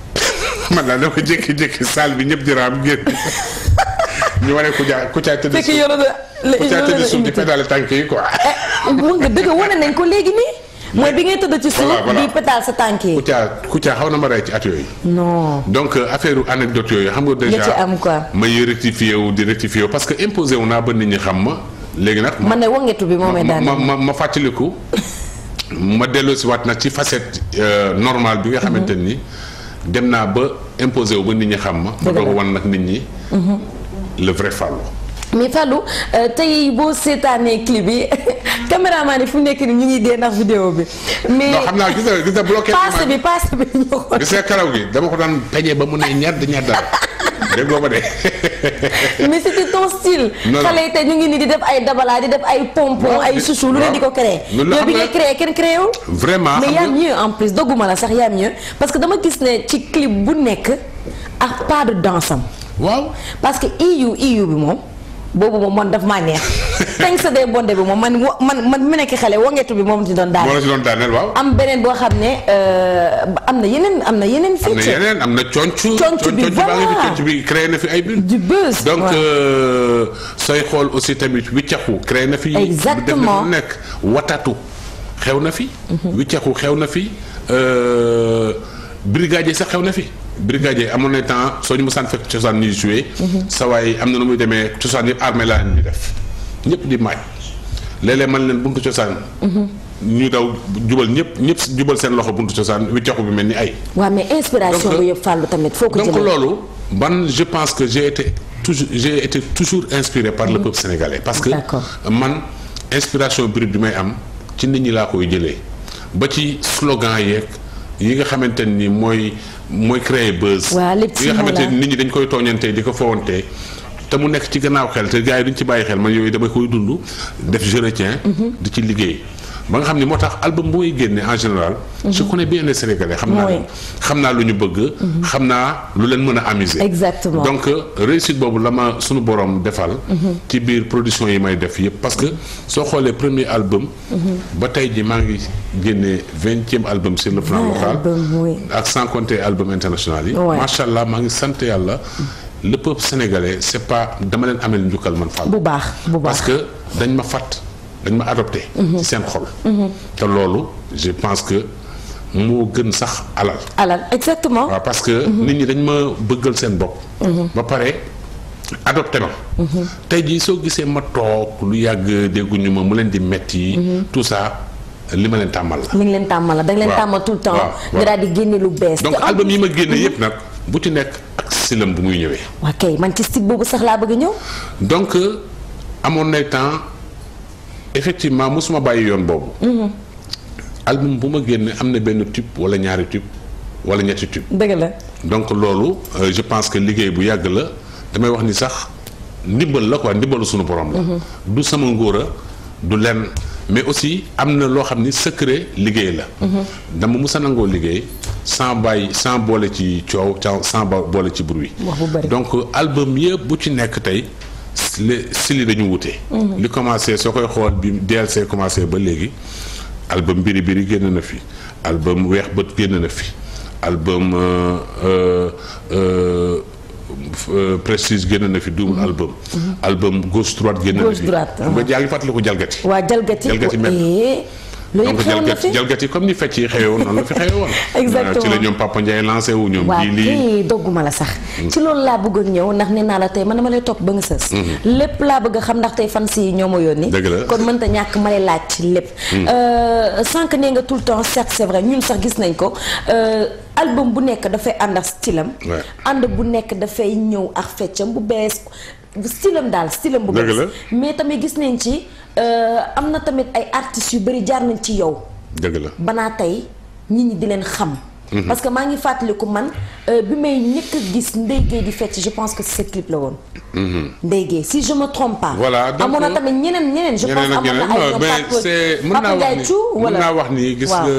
man daal dama jékki-jékki salle bi ñëpp di raam génn ñu wane ku caa ku caa tëdd suuf di pédale tànk yi quoi. Eh, mun dëgg wane nañ ko léegi nii. mooy bi ngay tëdd ci suuf di pédale sa tànk yi. ku caa ku caa xaw na ma rey ci at yooyu. non donc euh, affaire anecdote yooyu xam nga déjà nga ci am quoi. may rectifié wu di rectifié parce que imposé wu naa ba nit ñi xam ma. léegi nag man ne wangetu bi moomay daan ma ma ma fàttaliku ma delloosiwaat nag ci facette euh, normal bi nga mhm. xamante ni. dem naa ba imposé wu ba nit ñi xam ma. ma doog wan nag nit ñi. Mhm. le vrai mais Fallou euh, tey boo seetaanee clip bi caméraman yi fu mu ni nii ñu ngi dee ndax vidéo bi. mais non xamna gis nga gis nga bloqué. paase bi paase bi ñu ko. gis nga karaw gi dama ko daan peñe ba mu né ñedd ñad déggoo ma de. mais c'était ton style. xale yi tey ñu ngi nii di def ay dabala di def ay pompon ay chouchou lu leen di ko créé. loolu bi ngay créé kenn créé wul. vraiment mais yaa mieux en plus dogguma la y a mieux parce que dama gis ne ci clip bu nekk ak pas de danse am. waaw parce que iyu e iyu e bi moom. boobu moom man daf maa neex teng sa dee bonde bi moom man man man mu nekk xale wangeetu bi moom si doon daaneel. moo la ci doon waaw. am beneen boo xam ne euh, am na yeneen am na yeneen. fii ci am na am na conc. conc bi voilà conc bi créé na fi ay buzz. du buzz donc euh, sooy xool aussi tamit wiccaxu créé na fi. exactement nekk watatu xew na fi. Mhm. wiccaxu xew na fi euh, brigadier sax xew na fi. brigadier amone temps soñu musan fek fekk cosaan joué. Mhm. sa waay amna numuy démé muy demee armée la ni def ñëpp di maj lélé man len buntu cosaan. Mhm. ñu daw jubal ñëpp ñëpp jubal sen loxo buntu cosaan wiccaxu bi melni ay. wa mais inspiration bu yeuf fallu tamit foo ko jëlee donc loolu man je pense que j'ai été toujours j'ai été toujours inspiré par le mhm. peuple sénégalais. parce que man inspiration brute bi may am ci nit ñi la koy jëlé ba ci slogan yeeg. yi nga xamante ni mooy mooy créer buzz. waaw lépp yi nga xamante ni nit ñi dañ koy tooñantee di ko fowantee te mu nekk ci gannaaw xel te gars yi duñ ci bàyyi xel man yooyu dama koy dund def je mhm. di ci liggéey. ba nga album bu may en général. Mhm. je connais bien les Sénégalais. xamna xamna luñu bëgg. Mhm. xamna lu leen mëna amuser. exactement donc euh, réussite bobu lama ma suñu borom défal mhm. ci biir production yi may def yëpp parce que so xolé premier album. ba tay ji maa ngi 20 vingtième album sur le plan local. ak sans compter album international yi. macha allah ngi sant le peuple sénégalais c'est pas dama leen amel njukkal man fa bu baax bu baax parce que dañ ma fat ma adopté. Mhm. ci seen xol. te loolu je pense que moo gën sax alal. alal exactement. parce que. Mhm. nit ñi ma bëggal seen bopp. Mhm. ba pare adopté ma. tey ma toog lu yàgg dégguñu ma mu leen di metti tout ça. li ma leen tàmmal la. tout le temps. nga di génne donc album yi ma génne yëpp nag bu ci ok man ci stick boobu sax donc euh, à mon temps effectivement mosuma bàyyi yoon boobu. Mhm. album buma guenne amna ben type wala ñaari type wala ñetti type dëgg la donc lolu euh, je pense que liguey bu yag la damay wax ni sax nibbal la quoi ndimbalu suñu borom la. Mhm. du sama ngora du len mais aussi amna lo xamni secret liguey la. Mhm. dama musa nango liguey sans bàyyi sans bolé ci ciow sans bolé ci bruit. donc album yëpp bu ci nek tay style yi dañu wute. Mhm. li commencé soo koy xool bi DLC commencé ba léegi album biri biri génn na fi album weex bët génn na fi album euh, euh, euh, prestige génn na fi double mhm. album. Mhm. album gauche génn na fi. gauche droite xam nga yaa ngi fàttaliku jalgati. waa jalgati jalgati mel. loolu yëpp jalgati comme ni fecc yi xewoon noonu la fi xewoon. exactement euh, ci la ñoom Papa Ndiaye lancé dogguma la sax. Mm. ci loolu laa bëgg a ñëw ndax nee naa la tey man dama lay topp ba nga sës. Mm-hmm. lépp laa bëgg a xam ndax tey fan si ñoo ma yónni. dëgg la kon mënta ñàkk ma lay laaj ci lépp. Mm. Euh, sànq nee nga tout le temps certes c'est vrai ñun sax gis nañ ko. Euh, album bu nekk dafay ànd ak stylam. ànd bu nekk dafay ñëw ak feccam bu bees stylam daal stylam bu bees mais tamit ci. Euh, am na tamit ay artistes yu bari jaar nañ ci yow. deug la bana tay nit ñi di len xam. Mhm. parce que ma ngi fàttaliku man euh, bi may ñëkk gis ndey Gueye di fecc je pense que c'est clip la woon. Mhm. ndey Gueye si je me trompe pas. voilà donc tamit ñeneen ñeneen. je pense amona na ay ñoom Papa mën na wax ni gis nga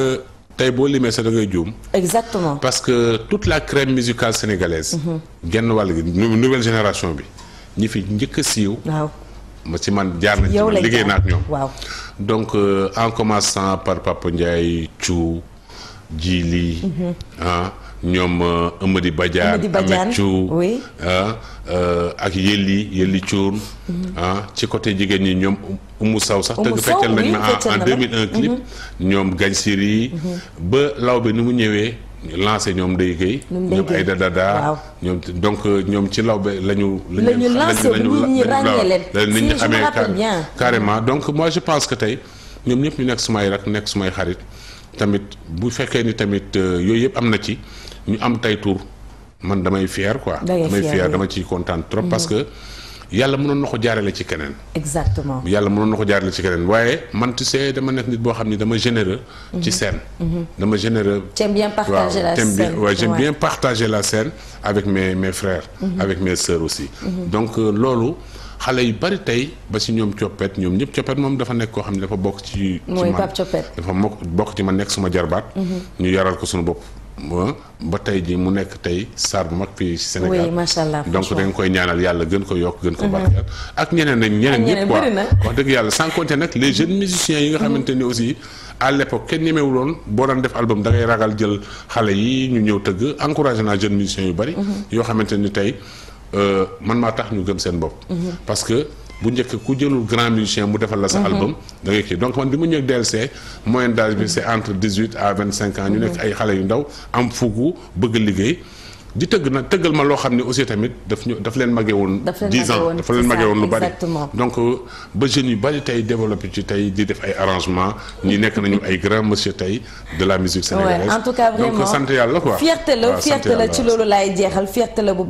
tay bo limé sa da ngay joom exactement parce que toute la crème musicale sénégalaise. Mhm. genn wàll nouvelle génération bi ñi fi njëkk a siiw. waaw. ma ci man jaar na ci liggéey na ak ñoom waaw donc euh, en commençant par Papa Ndiaye Thiou ñoom mhm. ah ñoom euh, Amady Badiane Ameth Thiou ah, euh, ak Yéli Yéli Thioune mhm. ah ci côté jigéen ñi ñoom Oumou Sow sax tëgg feccal nañ ma en 2001 clip mhm. ñoom Gagne Siri ba law bi ni mu ñëwee l'enseignement ñom day donc nous euh, ci lawbe lañu carrément donc moi je pense que tay ñom ñep ñu nekk sumay rak nekk sumay xarit tamit bu ni tamit euh, am ci fier quoi trop parce mhm. que yalla mënoon na ko jaarale ci keneen. exactement yalla mënoon na ko jaarale ci keneen waye man tu sais dama nekk nit bo xamni dama généreux. ci mhm. scène. Mhm. dama généreux. j'aime bien partager la scène ouais, j'aime bien partager la scène avec mes mes frères. Mhm. avec mes sœurs aussi. donc euh, lolu xalé yu bari tay ba ci ñom coppet ñom ñep coppet mom dafa nek ko xamni dafa bok ci. ci man dafa bok ci ma nek suma jarbat ñu yaral ko suñu bop ba tey ji mu nekk tey sar bu mag fii Sénégal oui macha allah donc dañ koy ñaanal yàlla gën ko yokk gën ko mhm. barkeel ak ñeneen nañ ñeneen ñëpp quoi wax dëgg yàlla sans compter nag les jeunes musiciens yi nga mhm. xamante ni aussi à l'époque kenn ñemewuloon boo daan def album dangay ragal jël xale yi ñu ñëw tëgg encouragé naa jeunes musiciens yu bari mhm. yoo xamante ni tey euh, man maa tax ñu gëm seen bopp parce bunjuk ku jalur grand musician muda falas mhm. album, Donc, itu. Donk mandi bunjuk DLC, moyen dah c'est entre 18 à 25 ans. tahun, ont kalau yang dahulu am fugu begeligai di que nag tëggal ma loo xam ne aussi tamit daf ñu daf leen màggee woon. dix ans dafa leen màggee donc euh, ba jeunes yu bari tey développé ci tey di def ay arrangement nañu ay grands monsieur tey de la musique sénégalaise en tout cas vraiment donc quoi. fierté la fierté la ci loolu laay jeexal fierté la bu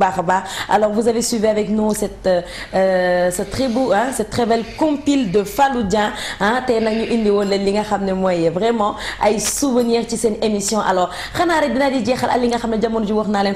alors vous avez suivi avec nous cette euh, cette très beau hein cette très belle compile de Fallou hein ah tey nag ñu indi woon leen li nga xam ne mooy vraiment ay souvenirs ci émission alors quand on dinaa di jeexal ak li nga xam ne jamono ji wax leen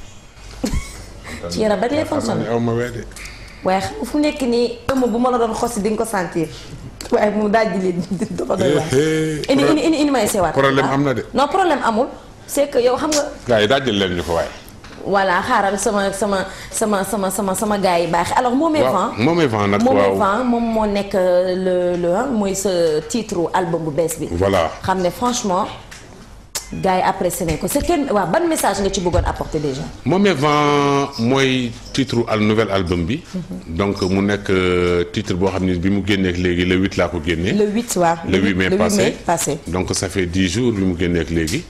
ci yaram ba lay fonctionné aw ma weede waaye xam fu nekk nii ëmb bu ma la doon xosi di nga ko sentir waaye mu daal di leen dafa doy waar ini ini ini ini may seewaat problème am na de non problème amul c'est que yow xam nga gars yi daajal leen ñu ko waaye voilà xaaral sama sama sama sama sama sama gars yi baax alors Moom et Vent Moom et Vent nag waaw Moom et Vent moom moo nekk le le mooy sa titre album bu bees bi voilà xam ne franchement gars yi apprécié ko c'est quel waaw ban message nga ci bëggoon apporter déjà. moom vent mooy titre al nouvel album bi. Mhm. donc mu nekk euh, titre boo xam bi mu génneek léegi le 8 laa ko le 8 waaw le huit mai passé donc ça fait 10 jours bi mu génneek léegi.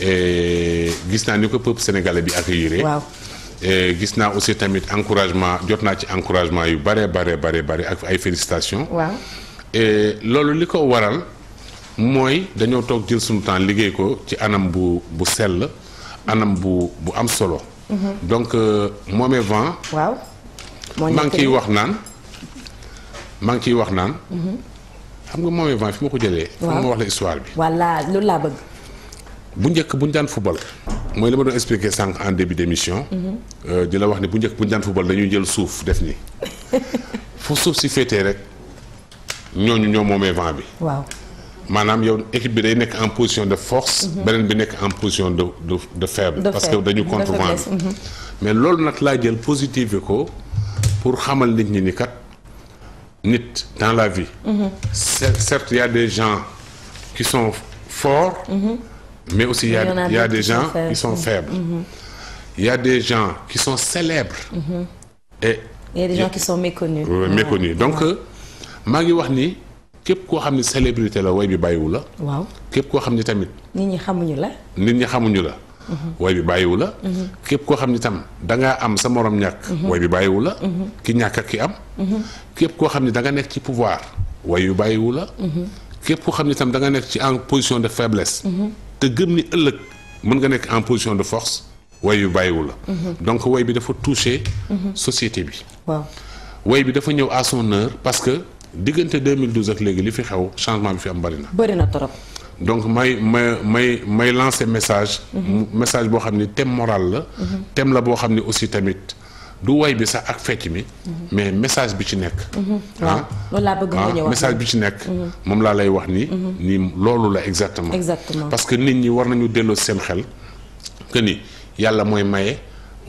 et gis naa ni ko peuple sénégalais bi accueillir. waaw gis naa aussi tamit encouragement jot ci encouragement yu bare bare bare bare ak ay félicitations. waaw et lolu liko waral moy dañu tok jël sunu temps liggéey ko ci anam bu bu sel anam bu bu am solo. Mhm. donc euh, momé Vent. waaw maa ngi ciy wax naan maa ngi ciy wax naan. Mhm. xam nga momé Vent fi ma jëlé mo wax la histoire bi. voilà loolu la bëgg. bu njëkk bu ñu football. moy li ma doon expliqué sànq en début d'émission mhm. euh dila wax ni bu njëkk bu ñu football dañu jël souf def ni fu souf ci fété rek ñoñu ñoo momé vent bi. waaw manam yow équipe bi day en position de force. Mhm. benen bi nek en position de de faible. parce que dañu contre-vente. Mhm. mais lolou nak la jël positive ko pour xamal nit ñi ni kat dans la vie. Mhm. certes il y a des gens qui sont forts. mais aussi il y a des gens qui sont faibles. Il y a des gens qui sont célèbres. et y a des gens qui sont méconnus. méconnus donc euh, maa wax ni képp koo xam ne célébrité la way bi bàyyiwu la. waaw képp koo xam ne tamit. nit ñi xamuñu la. nit ñi xamuñu la. Mhm. way bi bàyyiwu la. Mhm. képp koo xam ne tam da ngaa am sa morom ñàkk. Mhm. way bi bàyyiwu la. ki ñàkk ak ki am. képp koo xam ne da nga nekk ci pouvoir way yu bàyyiwu la. képp koo xam ne tam da nga nekk ci en position de faiblesse. te gëm ni ëllëg mën nga nekk en position de force way yu bàyyiwu la. donc way bi dafa touché. société bi. waaw way bi dafa ñëw à son heure parce que diggante 2012 ak légui li fi xew changement bi fi am bari na. bari na trop. donc may may may may lancer message. Mhm. message bo xamni thème moral la. Mhm. thème la bo xamni aussi tamit. du way bi sax ak fecc mi mhm. mais message bi ci nek ah loolu bëgg nga ah, ñëw message bi ci nek mom la lay wax ni ni loolu la exactement exactement parce que nit ñi war nañu délo seen xel que ni yalla moy maye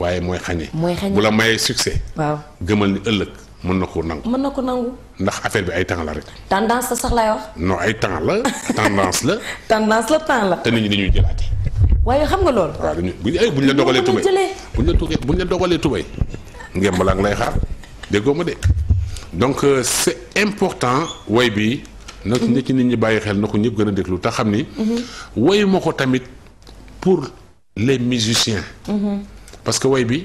waaye moy xañe bu la mayee succès waaw gëmal ni ëlëk mën na ko nangu. mën na ko nangu. ndax affaire bi ay temps la rek. tendance la sax lay wax. non ay temps la tendance la. tendance la temps la. te nit ñi dañuy jëlaate. waaye xam nga loolu. waaw dañuy bu eh, ñu la dogalee tubay bu la tugee buñ ñu la dogalee tubay ngemb la lay xaar déggoo ma de donc euh, c'est important way bi. Mhm. na ci nit ñi bàyyi xel na ko ñëpp gën a déglu te xam ni. Mhm. woyu ma ko tamit pour les musiciens. Mhm. parce que way bi.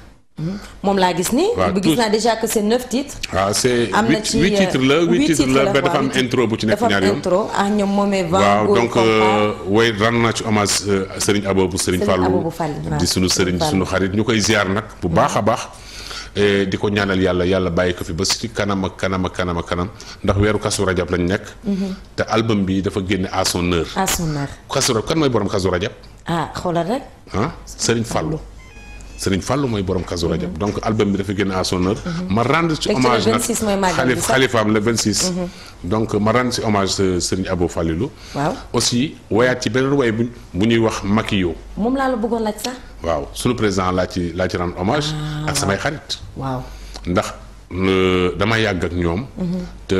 mom la gis ni bu gis na déjà que c'est 9 titres ah c'est 8 na titres là 8 titres la ba dafa am intro bu ci nekk ñaar yoon intro ah ñom momé vent waaw donc euh, way ran naa ci hommage euh, Serigne abou bu Serigne Fallou di sunu Serigne sunu xarit ñu ziar nak bu mm. baax a baax di ko ñaanal yalla yalla baye ko fi ba ci kanam ak kanam ak kanam ak kanam ndax weeru kasu rajab lañ nekk mm-hmm. te album bi dafa génné à son heure à son heure kasu rajab kan moy borom kasu rajab ah xoolal rek ah Serigne Fallou Serigne Fallou moy borom Kazu Rajab donc album bi dafa guen à son heure ma rendre ci hommage nag Khalif, xalifaam le 26 mhm. donc ma rendre ci hommage Serigne Abou Fallilou waaw aussi wayat ci benen way bu ñuy wax Makiyo mom la la bëggoon laaj sax waaw sunu président la ci la ci rendre hommage ah, ak samay xarit waaw ndax euh, dama yàgg ak ñoom mhm. te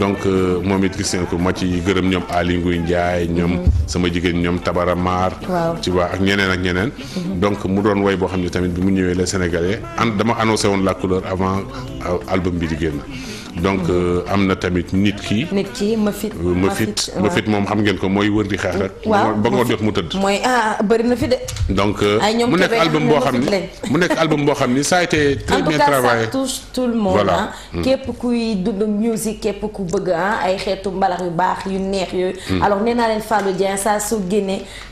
donc euh, moom it gis ngeen ko ma ci gërëm ñoom Aly Ngouille Ndiaye ñoom mhm. sama jigéen ñoom Tabara Maar ci waa ak ñeneen ak ñeneen mhm. donc mu doon woy boo xam ne tamit bi mu ñëwee les Sénégalais an dama annoncé woon la couleur avant euh, album bi jigéen génn donc euh, amna tamit nit ki. nit ki mafit mafit mafit moom xam ngeen ko mooy wër di xeex rek. ba nga jot mu teud moy ah, ah bari na fi de. donc euh, mu nekk album bo xamni mu nekk album bo xamni ça a été très bien travaillé. en tout cas ça touche tout le monde voilà hein. mm. kuy dund musique képp ku bëgg ah ay xeetu mbalax yu baax yu neex yooyu. Mm. alors néna len leen Fallou Dieng saa su génnee.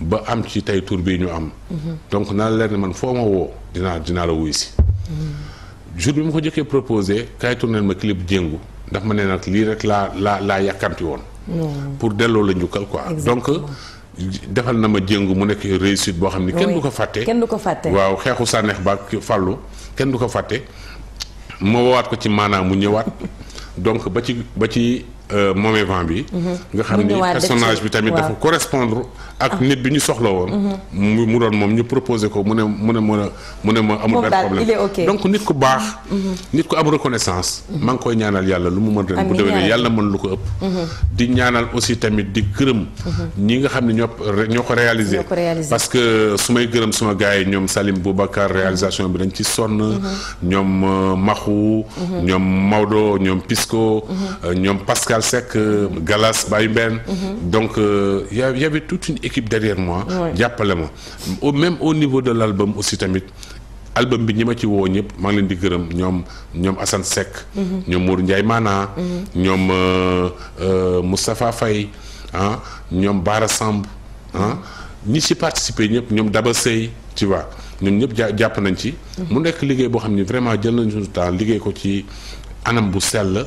ba am ci tey tur bii ñu am. donc naa la leer ne man foo ma woo dinaa dinaa la wuy si. jour bi ma ko jëkkee proposé kaay tourné ma clip jëngu ndax ma ne nag lii rek laa laa laa yàkkamti woon. pour delloo lañu njukkal quoi. donc defal na ma jëngu mu nekk réussit boo xam ni kenn du ko fàtte. kenn du ko fàtte waaw xeexu sànneex ba fàllu kenn du ko fàtte. ma woowaat ko ci maanaam mu ñëwaat donc ba ci ba ci Euh, moomee vent bi. Mm-hmm. nga xam ni bi tamit dafa correspondre ak ah. nit bi ñu soxla woon. Mm-hmm. mu mu doon moom ñu proposé ko mu ne mu ne mu ne ma amul benn problème donc nit ku baax. Mm-hmm. nit ku am reconnaissance. maa ngi koy ñaanal yàlla lu mu mën ren bu déwénee yàlla mën lu ko ëpp. di ñaanal aussi tamit di gërëm. ñi nga xam ne ñoo ñoo réaliser parce que su may gërëm suma gars yi Salim Boubacar réalisation bi dañ ci sonn. ñoom euh, Maxu. ñoom Maodo ñoom Pisco. Euh, ñoom Pascal sec euh, Galas, Baïben. Mhm. Donc, euh, il y, avait toute une équipe derrière moi. Au, même au niveau de l'album aussi, Tamit, album bi ñi ma ci wo ñep maa ngi leen di gërëm ñom ñom Assane Seck. Mhm. ñom Mourou Ndiaye Mana. Mhm. euh, euh Mustapha Fay à ah, ñom Bara Samb hein ñi ci participer ñep ñom Daba Sey tu vois ñom ñep pas nañ ci. mu nekk liggéey bo vraiment jël nañu temps liggéey ko ci anam bu sel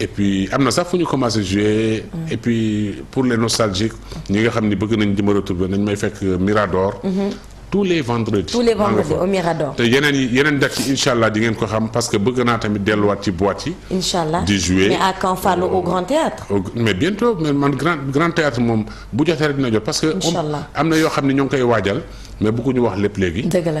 et puis amna na sax fu commencé jouer mm. et puis pour les nostalgiques ñi nga xam ni bëgg nañ di ma retrouver nañ may fekk Mirador mm-hmm. tous les vendredis tous les vendredis au Mirador te yenen yenen yeneen inshallah di ngeen ko xam parce que bëgg na tamit wat ci boîte yi. inshallah di jouer mais à quand Fallou au grand théâtre mais bientôt man grand grand théâtre mom bu jotee rek dina jot parce que. amna yo yoo xam ne ñoo koy waajal mais bëgguñu wax lepp légui deug la.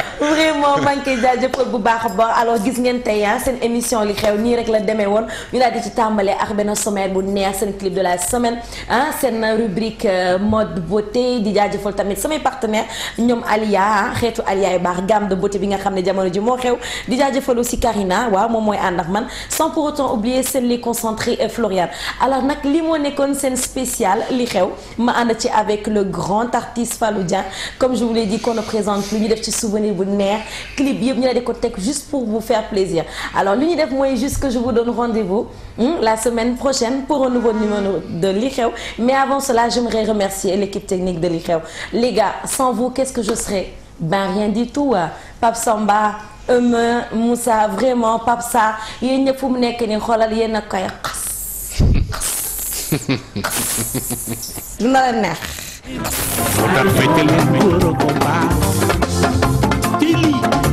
vraiment maa ngi pour jaajëfal bu baax a alors gis ngeen c'est ah, une émission li xew ni rek la demee woon ñu daal di ci tàmbalee ak benn sommaire bu neex clip de la semaine c'est ah, une rubrique euh, mode beauté di jaajëfal tamit samay partenaire ñoom alia ah, xeetu Aliya yu baax gamme de beauté bi nga xam ne jamono ji moo xew di aussi Karina wa moom moi un ak man sans pour autant oublier celle les concentré et Florian alors nag li moo nekkoon une spécial li xew ma ànd ci avec le grand artiste Fallou comme je vous l'ai dit qu'on ne présente plus ñu def ci souvenir clip bienvenue ñu des côtés juste pour vous faire plaisir alors l'unité moi def est juste que je vous donne rendez-vous hmm, la semaine prochaine pour un nouveau numéro de Li mais avant cela j'aimerais remercier l'équipe technique de Li les gars sans vous qu'est-ce que je serais ben rien du tout hein. Pape Samba Eme, Moussa vraiment Pape ça il a lu Willy.